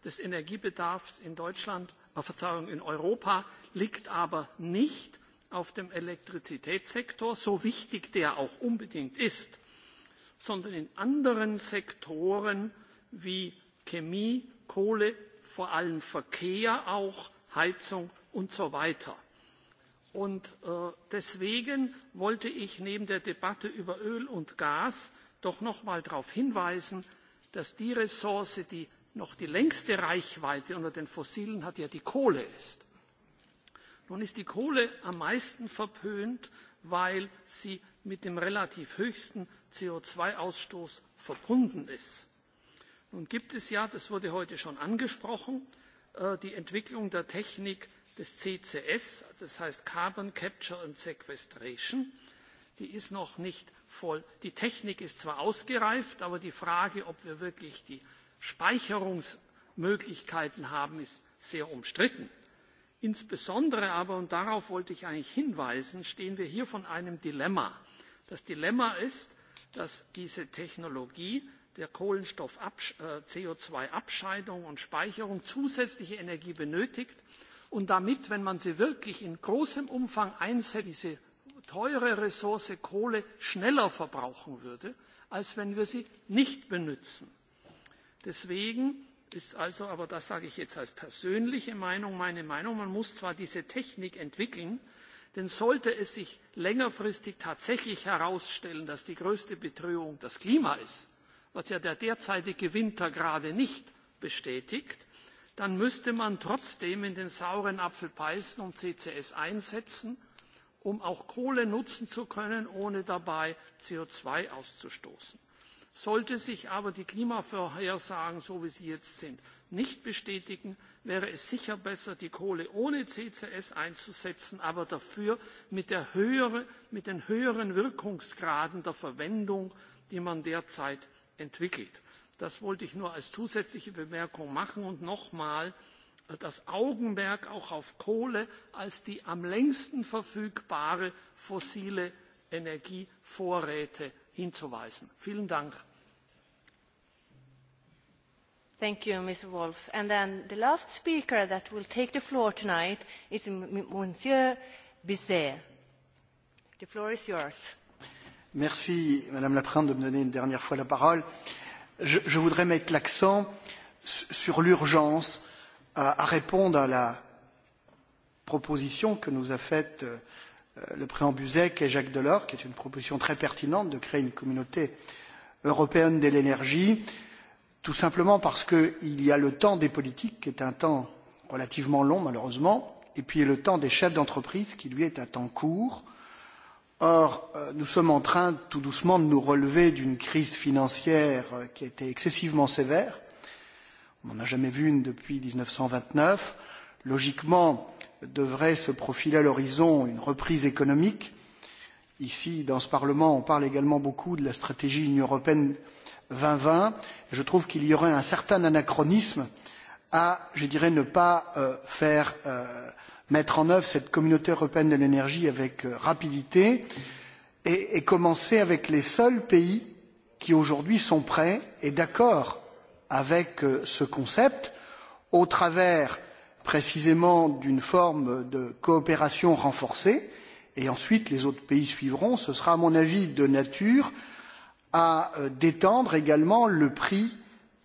des energiebedarfs in europa liegt aber nicht auf dem Elektrizitätssektor, so wichtig der auch unbedingt ist, sondern in anderen Sektoren wie Chemie, Kohle, vor allem Verkehr auch, Heizung und so weiter. Und äh, deswegen wollte ich neben der Debatte über Öl und Gas doch noch mal darauf hinweisen, dass die Ressource, die noch die längste Reichweite unter den Fossilen hat, ja die Kohle ist nun ist die kohle am meisten verpönt weil sie mit dem relativ höchsten co zwei ausstoß verbunden ist. nun gibt es ja das wurde heute schon angesprochen äh, die entwicklung der technik des ccs das heißt carbon capture and sequestration. die ist noch nicht voll die technik ist zwar ausgereift aber die frage ob wir wirklich die speicherungsmöglichkeiten haben ist sehr umstritten. Insbesondere aber, und darauf wollte ich eigentlich hinweisen, stehen wir hier vor einem Dilemma. Das Dilemma ist, dass diese Technologie der CO2-Abscheidung äh, und Speicherung zusätzliche Energie benötigt und damit, wenn man sie wirklich in großem Umfang einsetzt, diese teure Ressource Kohle schneller verbrauchen würde, als wenn wir sie nicht benutzen. Deswegen ist also, aber das sage ich jetzt als persönliche Meinung, meine Meinung, man muss zwar diese Technik entwickeln, denn sollte es sich längerfristig tatsächlich herausstellen, dass die größte Bedrohung das Klima ist, was ja der derzeitige Winter gerade nicht bestätigt, dann müsste man trotzdem in den sauren Apfel beißen und CCS einsetzen, um auch Kohle nutzen zu können, ohne dabei co zwei auszustoßen. Sollte sich aber die Klimavorhersagen, so wie sie jetzt sind, nicht bestätigen, wäre es sicher besser, die Kohle ohne CCS einzusetzen, aber dafür mit, den höheren Wirkungsgraden der Verwendung, die man derzeit entwickelt. Das wollte ich nur als zusätzliche Bemerkung machen und nochmal das Augenmerk auch auf Kohle als die am längsten verfügbare fossile Energievorräte hinzuweisen. Vielen Dank. Thank you, Wolf. And then the last speaker that will take the floor tonight is Monsieur Bizet. The floor is yours. Merci, Madame la Présidente, de me donner une dernière fois la parole. Je, je voudrais mettre l'accent sur l'urgence à, à répondre à la proposition que nous a faite euh, Euh, le président Buzek et Jacques Delors, qui est une proposition très pertinente de créer une communauté européenne de l'énergie, tout simplement parce qu'il y a le temps des politiques, qui est un temps relativement long malheureusement, et puis le temps des chefs d'entreprise, qui lui est un temps court. Or, euh, nous sommes en train tout doucement de nous relever d'une crise financière euh, qui a été excessivement sévère. On n'en a jamais vu une depuis 1929. Logiquement, devrait se profiler à l'horizon une reprise économique. Ici, dans ce Parlement, on parle également beaucoup de la stratégie Union européenne 2020. Je trouve qu'il y aurait un certain anachronisme à, je dirais, ne pas euh, faire euh, mettre en œuvre cette communauté européenne de l'énergie avec euh, rapidité et, et commencer avec les seuls pays qui aujourd'hui sont prêts et d'accord avec euh, ce concept au travers précisément d'une forme de coopération renforcée, et ensuite les autres pays suivront, ce sera à mon avis de nature à euh, détendre également le prix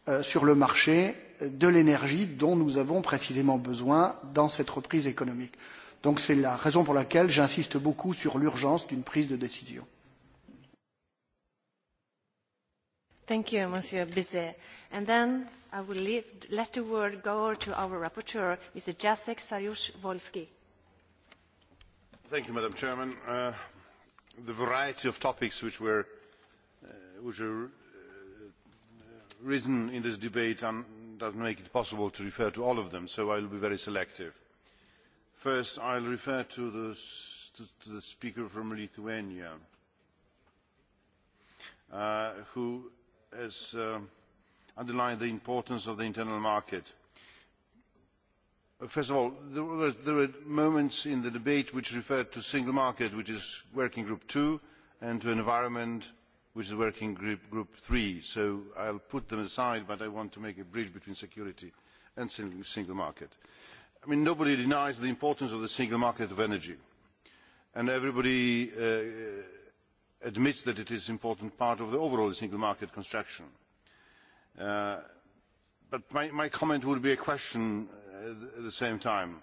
euh, sur le marché de l'énergie dont nous avons précisément besoin dans cette reprise économique. Donc c'est la raison pour laquelle j'insiste beaucoup sur l'urgence d'une prise de décision. Thank you, Monsieur Bizet. And then I will leave, let the word go to our rapporteur, Mr. Jacek Sariusz-Wolski. Thank you, Madam Chairman. Uh, the variety of topics which were uh, which are uh, risen in this debate um, doesn't make it possible to refer to all of them, so I will be very selective. First, I'll refer to the, to, to the speaker from Lithuania, uh, who has uh, underlined the importance of the internal market. First of all, there, was, there were moments in the debate which referred to single market, which is working group two, and to environment, which is working group, group three. So I'll put them aside, but I want to make a bridge between security and single, single market. I mean, nobody denies the importance of the single market of energy. And everybody uh, admits that it is an important part of the overall single market construction. Uh, but my, my comment would be a question at uh, the same time.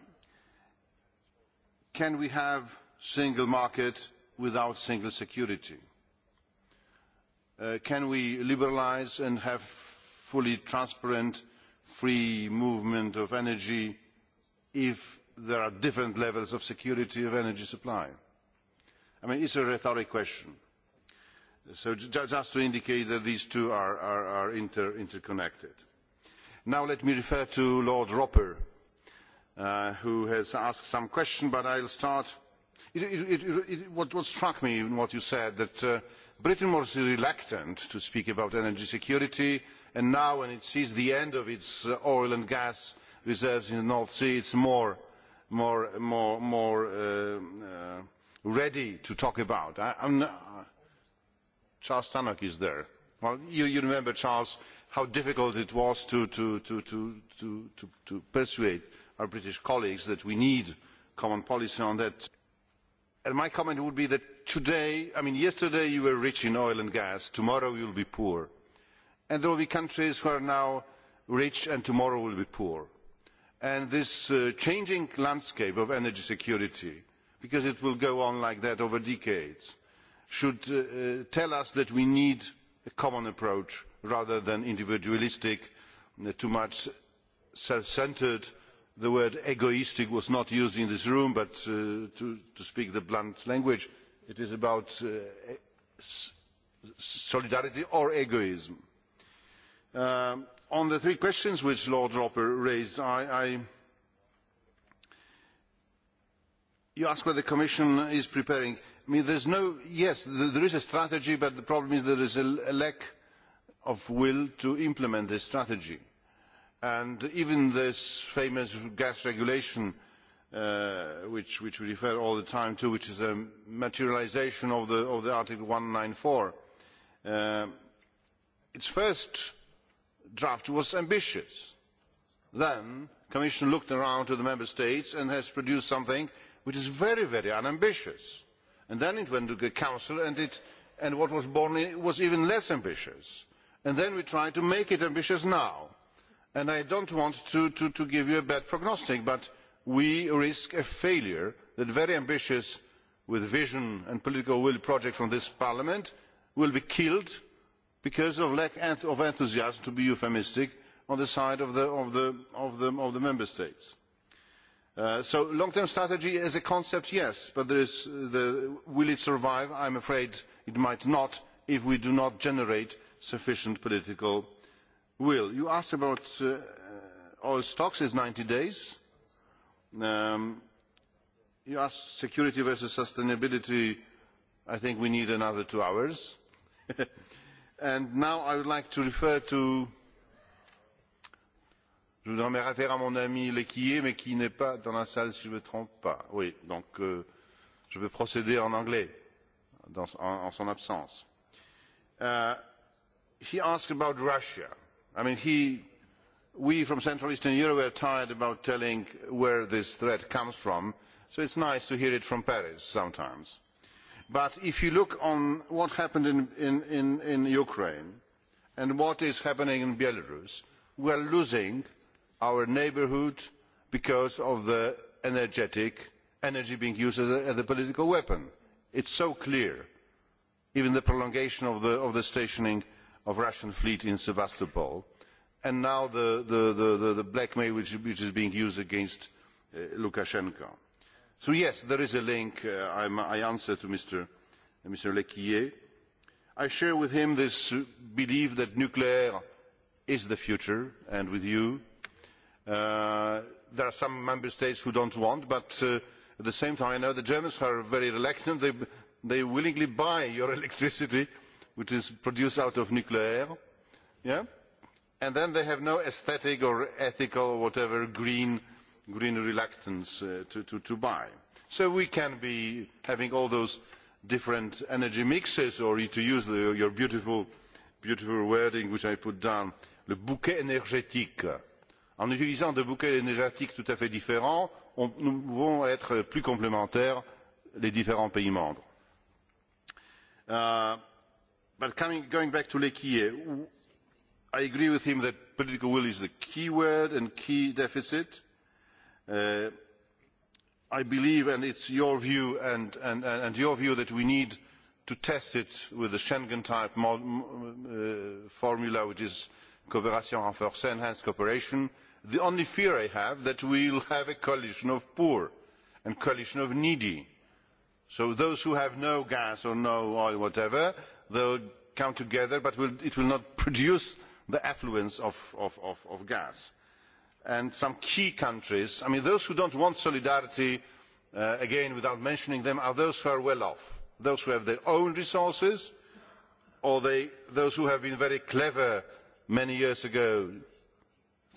Can we have single market without single security? Uh, can we liberalise and have fully transparent free movement of energy if there are different levels of security of energy supply? I mean, it's a rhetoric question so just to indicate that these two are, interconnected. now let me refer to lord roper uh, who has asked some questions but i will start it, what, struck me in what you said that uh, britain was reluctant to speak about energy security and now when it sees the end of its uh, oil and gas reserves in the north sea it is more, more, more, um, ready to talk about. it. Charles Tannock is there. Well, you, remember, Charles, how difficult it was to, persuade our British colleagues that we need common policy on that. And my comment would be that today, I mean, yesterday you were rich in oil and gas, tomorrow you will be poor. And there will be countries who are now rich and tomorrow will be poor. And this uh, changing landscape of energy security, because it will go on like that over decades, should uh, uh, tell us that we need a common approach rather than individualistic uh, too much self centred the word egoistic was not used in this room but to, speak the blunt language it is about e, solidarity or egoism. Um, on the three questions which lord roper raised you asked what the commission is preparing. No, yes, there is a strategy, but the problem is there is a lack of will to implement this strategy. And even this famous gas regulation, uh, which, we refer all the time to, which is a materialisation of the, one hundred Article 194, four uh, its first draft was ambitious. Then the Commission looked around to the Member States and has produced something which is very, very unambitious and then it went to the council and, what was born was even less ambitious and then we try to make it ambitious now and i do not want to, give you a bad prognostic but we risk a failure that very ambitious with vision and political will project from this parliament will be killed because of lack of enthusiasm to be euphemistic on the side of the member states Uh, so long term strategy as a concept yes but uh, will it survive? i am afraid it might not if we do not generate sufficient political will. you asked about uh, oil stocks is ninety days. Um, you asked about security versus sustainability. i think we need another two hours. and now i would like to refer je voudrais me référer à mon ami lequier mais qui n'est pas dans la salle si je ne me trompe pas. donc euh, je vais procéder en anglais en, son absence. Uh, he asked about Russia. I mean, he, we from Central Eastern Europe are tired about telling where this threat comes from, so it's nice to hear it from Paris sometimes. But if you look on what happened in, in, in, in Ukraine and what is happening in Belarus, we are losing our neighbourhood because of the energy being used as a political weapon. it is so clear even the prolongation of the, stationing of the russian fleet in sevastopol and now the, blackmail which, is being used against uh, lukashenko. so yes there is a link uh, i answer to mr, le mr. i share with him this uh, belief that nuclear is the future and with you Uh, there are some member states who do not want but uh, at the same time i know the germans are very reluctant they, they willingly buy your electricity which is produced out of nuclear yeah? and then they have no aesthetic or ethical or whatever green, reluctance uh, to, buy. so we can be having all those different energy mixes or to use your beautiful, wording which i put down le bouquet énergétique en utilisant deux bouquets énergétiques tout à fait différents nous pouvons être plus complémentaires les différents pays membres. Uh, but going back to Lequier, uh, I agree with him that political will is the key word and key deficit. Uh, I believe, and it is your view and, your view, that we need to test it with the Schengen-type formula, which is cooperation renforcee enhanced cooperation, the only fear i have is that we will have a coalition of poor and a coalition of needy so those who have no gas or no oil or whatever will come together but it will not produce the affluence of, of, of, of gas. and some key countries i mean those who do not want solidarity uh, again without mentioning them are those who are well off those who have their own resources or they, those who have been very clever many years ago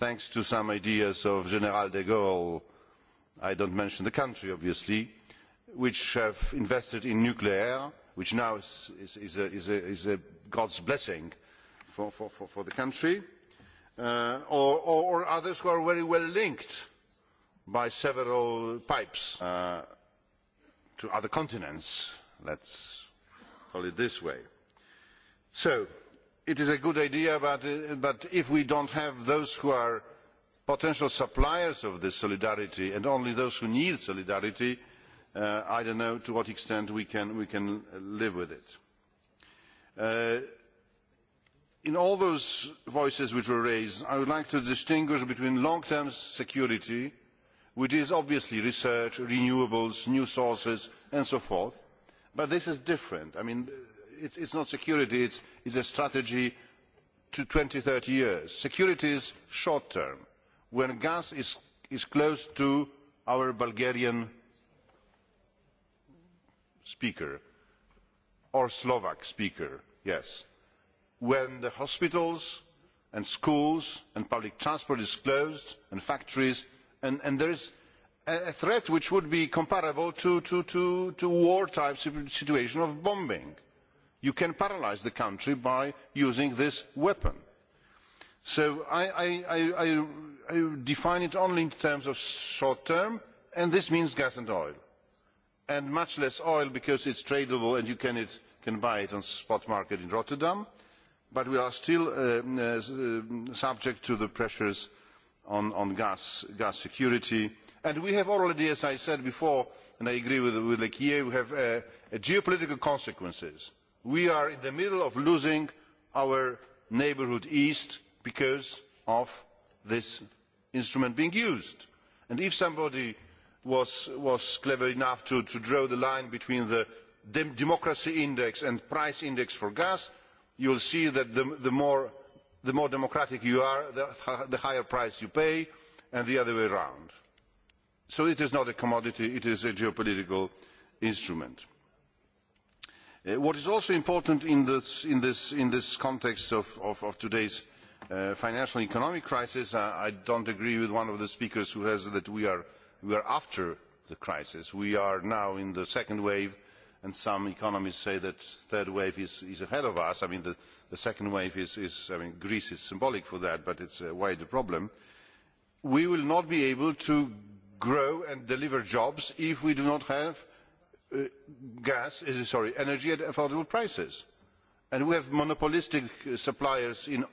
thanks to some ideas of general de gaulle i do not mention the country obviously which have invested in nuclear which now is, a, god's blessing for, the country uh, or, others who are very well linked by several pipes uh, to other continents let us call it this way. so it is a good idea but, if we do not have those who are potential suppliers of this solidarity and only those who need solidarity uh, i do not know to what extent we can, live with it. Uh, in all those voices which were raised i would like to distinguish between long term security which is obviously research renewables new sources and so forth but this is different. I mean, it is not security it is a strategy for twenty or thirty years. security is short term when gas is, close to our bulgarian speaker or slovak speaker yes when the hospitals and schools and public transport is closed and factories and, there is a threat which would be comparable to the wartime situation of bombing you can paralyse the country by using this weapon. so I, define it only in terms of short term and this means gas and oil and much less oil because it is tradable and you can, buy it on the spot market in rotterdam but we are still uh, uh, uh, subject to the pressures on, gas, security and we have already as i said before and i agree with, the lequier we have geopolitical consequences we are in the middle of losing our neighbourhood east because of this instrument being used and if somebody was, clever enough to, draw the line between the democracy index and the price index for gas you will see that the, more, democratic you are the, higher price you pay and the other way round. so it is not a commodity it is a geopolitical instrument. Uh, what is also important in this, in this, in this context of, of, of today's uh, financial economic crisis, I, uh, I don't agree with one of the speakers who says that we are, we are after the crisis. We are now in the second wave, and some economists say that third wave is, is ahead of us. I mean, the, the second wave is, is, I mean, Greece is symbolic for that, but it's a wider problem. We will not be able to grow and deliver jobs if we do not have Uh, uh, energy at affordable prices. And we have monopolistic suppliers in,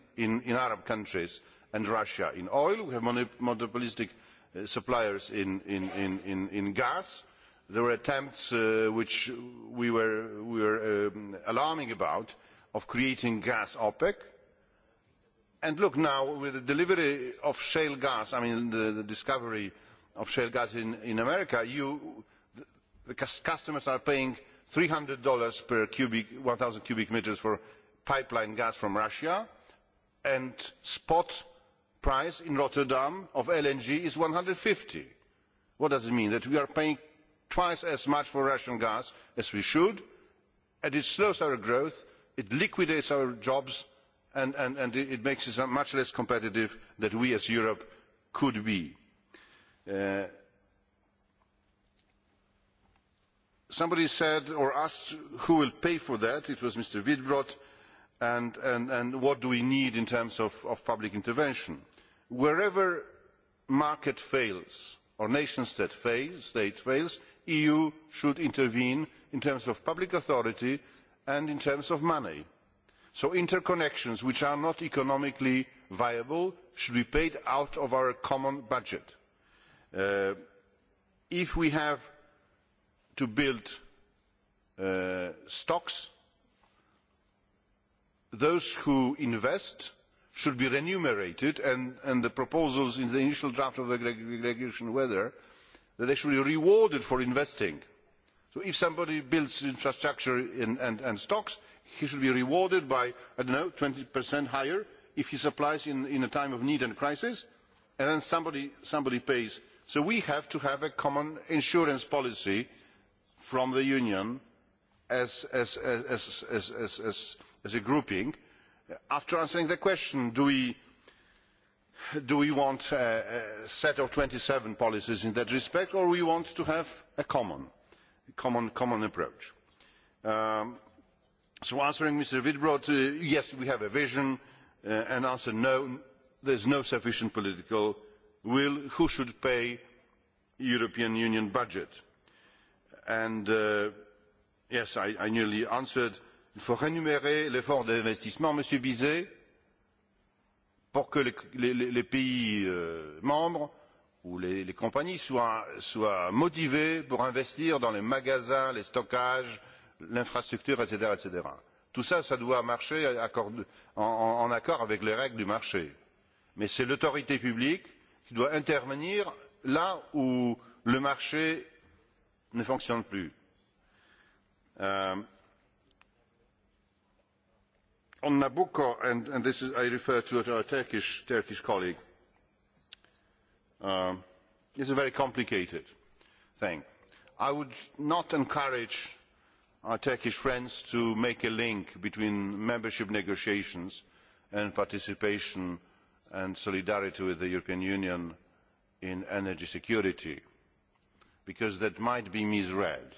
Arab countries and Russia in oil. We have monopolistic uh, suppliers in, gas. There were attempts which we were, alarmed um, alarming about of creating gas OPEC. And look now, with the delivery of shale gas, I mean the, discovery of shale gas in America, you customers are paying three hundred dollars per one zero cubic metres for pipeline gas from Russia, and the spot price in Rotterdam of LNG is one hundred and fifty What does it mean? That we are paying twice as much for Russian gas as we should, and it slows our growth, it liquidates our jobs, and, and, and it makes us much less competitive than we as Europe could be. Uh, somebody said or asked who will pay for that. It was Mr. Widbrot. And, and, and what do we need in terms of, of public intervention? Wherever market fails or nation state fails, state fails, EU should intervene in terms of public authority and in terms of money. So interconnections which are not economically viable should be paid out of our common budget. Uh, if we have to build uh, stocks, those who invest should be remunerated, and, the proposals in the initial draft of the regulation were there, that they should be rewarded for investing. So if somebody builds infrastructure and, stocks, he should be rewarded by, I do not know, twenty higher if he supplies in, a time of need and crisis, and then somebody, pays. So we have to have a common insurance policy from the union as, a grouping after answering the question do we, want a, set of 27 policies in that respect or we want to have a common, approach? Um, so answering Mr. Widbrod, uh, yes, we have a vision, uh, and answer no, there is no sufficient political will. Who should pay European Union budget? and uh, yes, I, I nearly answered. Il faut rémunérer l'effort d'investissement, Monsieur Bizet, pour que les, les, les pays euh, membres ou les, les compagnies soient, soient motivées pour investir dans les magasins, les stockages, l'infrastructure, etc., etc. Tout ça, ça doit marcher accord, en, en accord avec les règles du marché. Mais c'est l'autorité publique qui doit intervenir là où le marché ne fonctionne plus. Um, on nabucco and, and this is, i refer to our turkish, turkish colleague um, is a very complicated thing. i would not encourage our turkish friends to make a link between membership negotiations and participation and solidarity with the european union in energy security because that might be misread.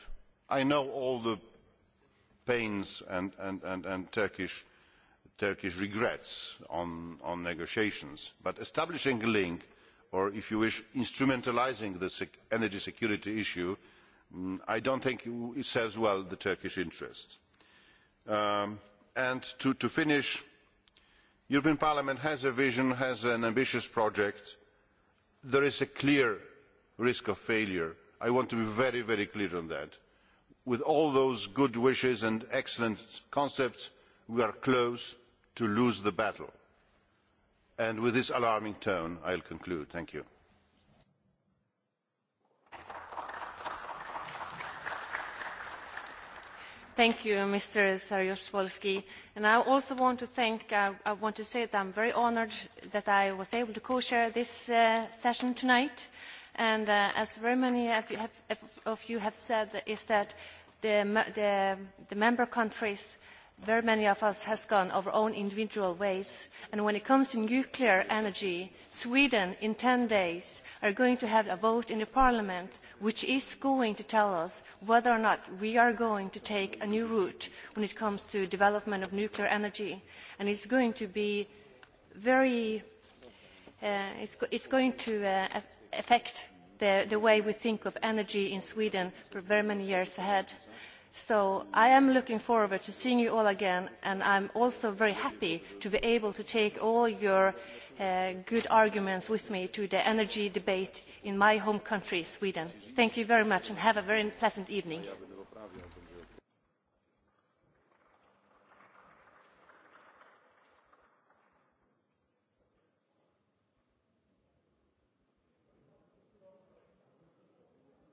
I know all the pains and, Turkish, regrets on, negotiations, but establishing a link, or if you wish, instrumentalising the energy security issue, i mm, I don't think it serves well the Turkish interest. Um, and to, to finish, European Parliament has a vision, has an ambitious project. There is a clear risk of failure i want to be very very clear on that. with all those good wishes and excellent concepts we are close to losing the battle. And with this alarming tone i will conclude. thank you. Thank you, Mr. saryusz And I also want to thank, uh, I want to say that i am very honoured that I was able to co-chair this uh, session tonight. Uh, and uh, as very many of you have, of you have said, is that the, the, the member countries, very many of us has gone our own individual ways. And when it comes to nuclear energy, Sweden in 10 days are going to have a vote in the parliament which is going to tell us whether or not we are going to take a new route when it comes to development of nuclear energy. And it's going to be very, uh, it's, it's going to uh, affect the, way we think of energy in Sweden for very many years ahead. So I am looking forward to seeing you all again, and I'm also very happy to be able to take all your uh, good arguments with me to the energy debate in my home country, Sweden. Thank you very much, and have a very pleasant evening.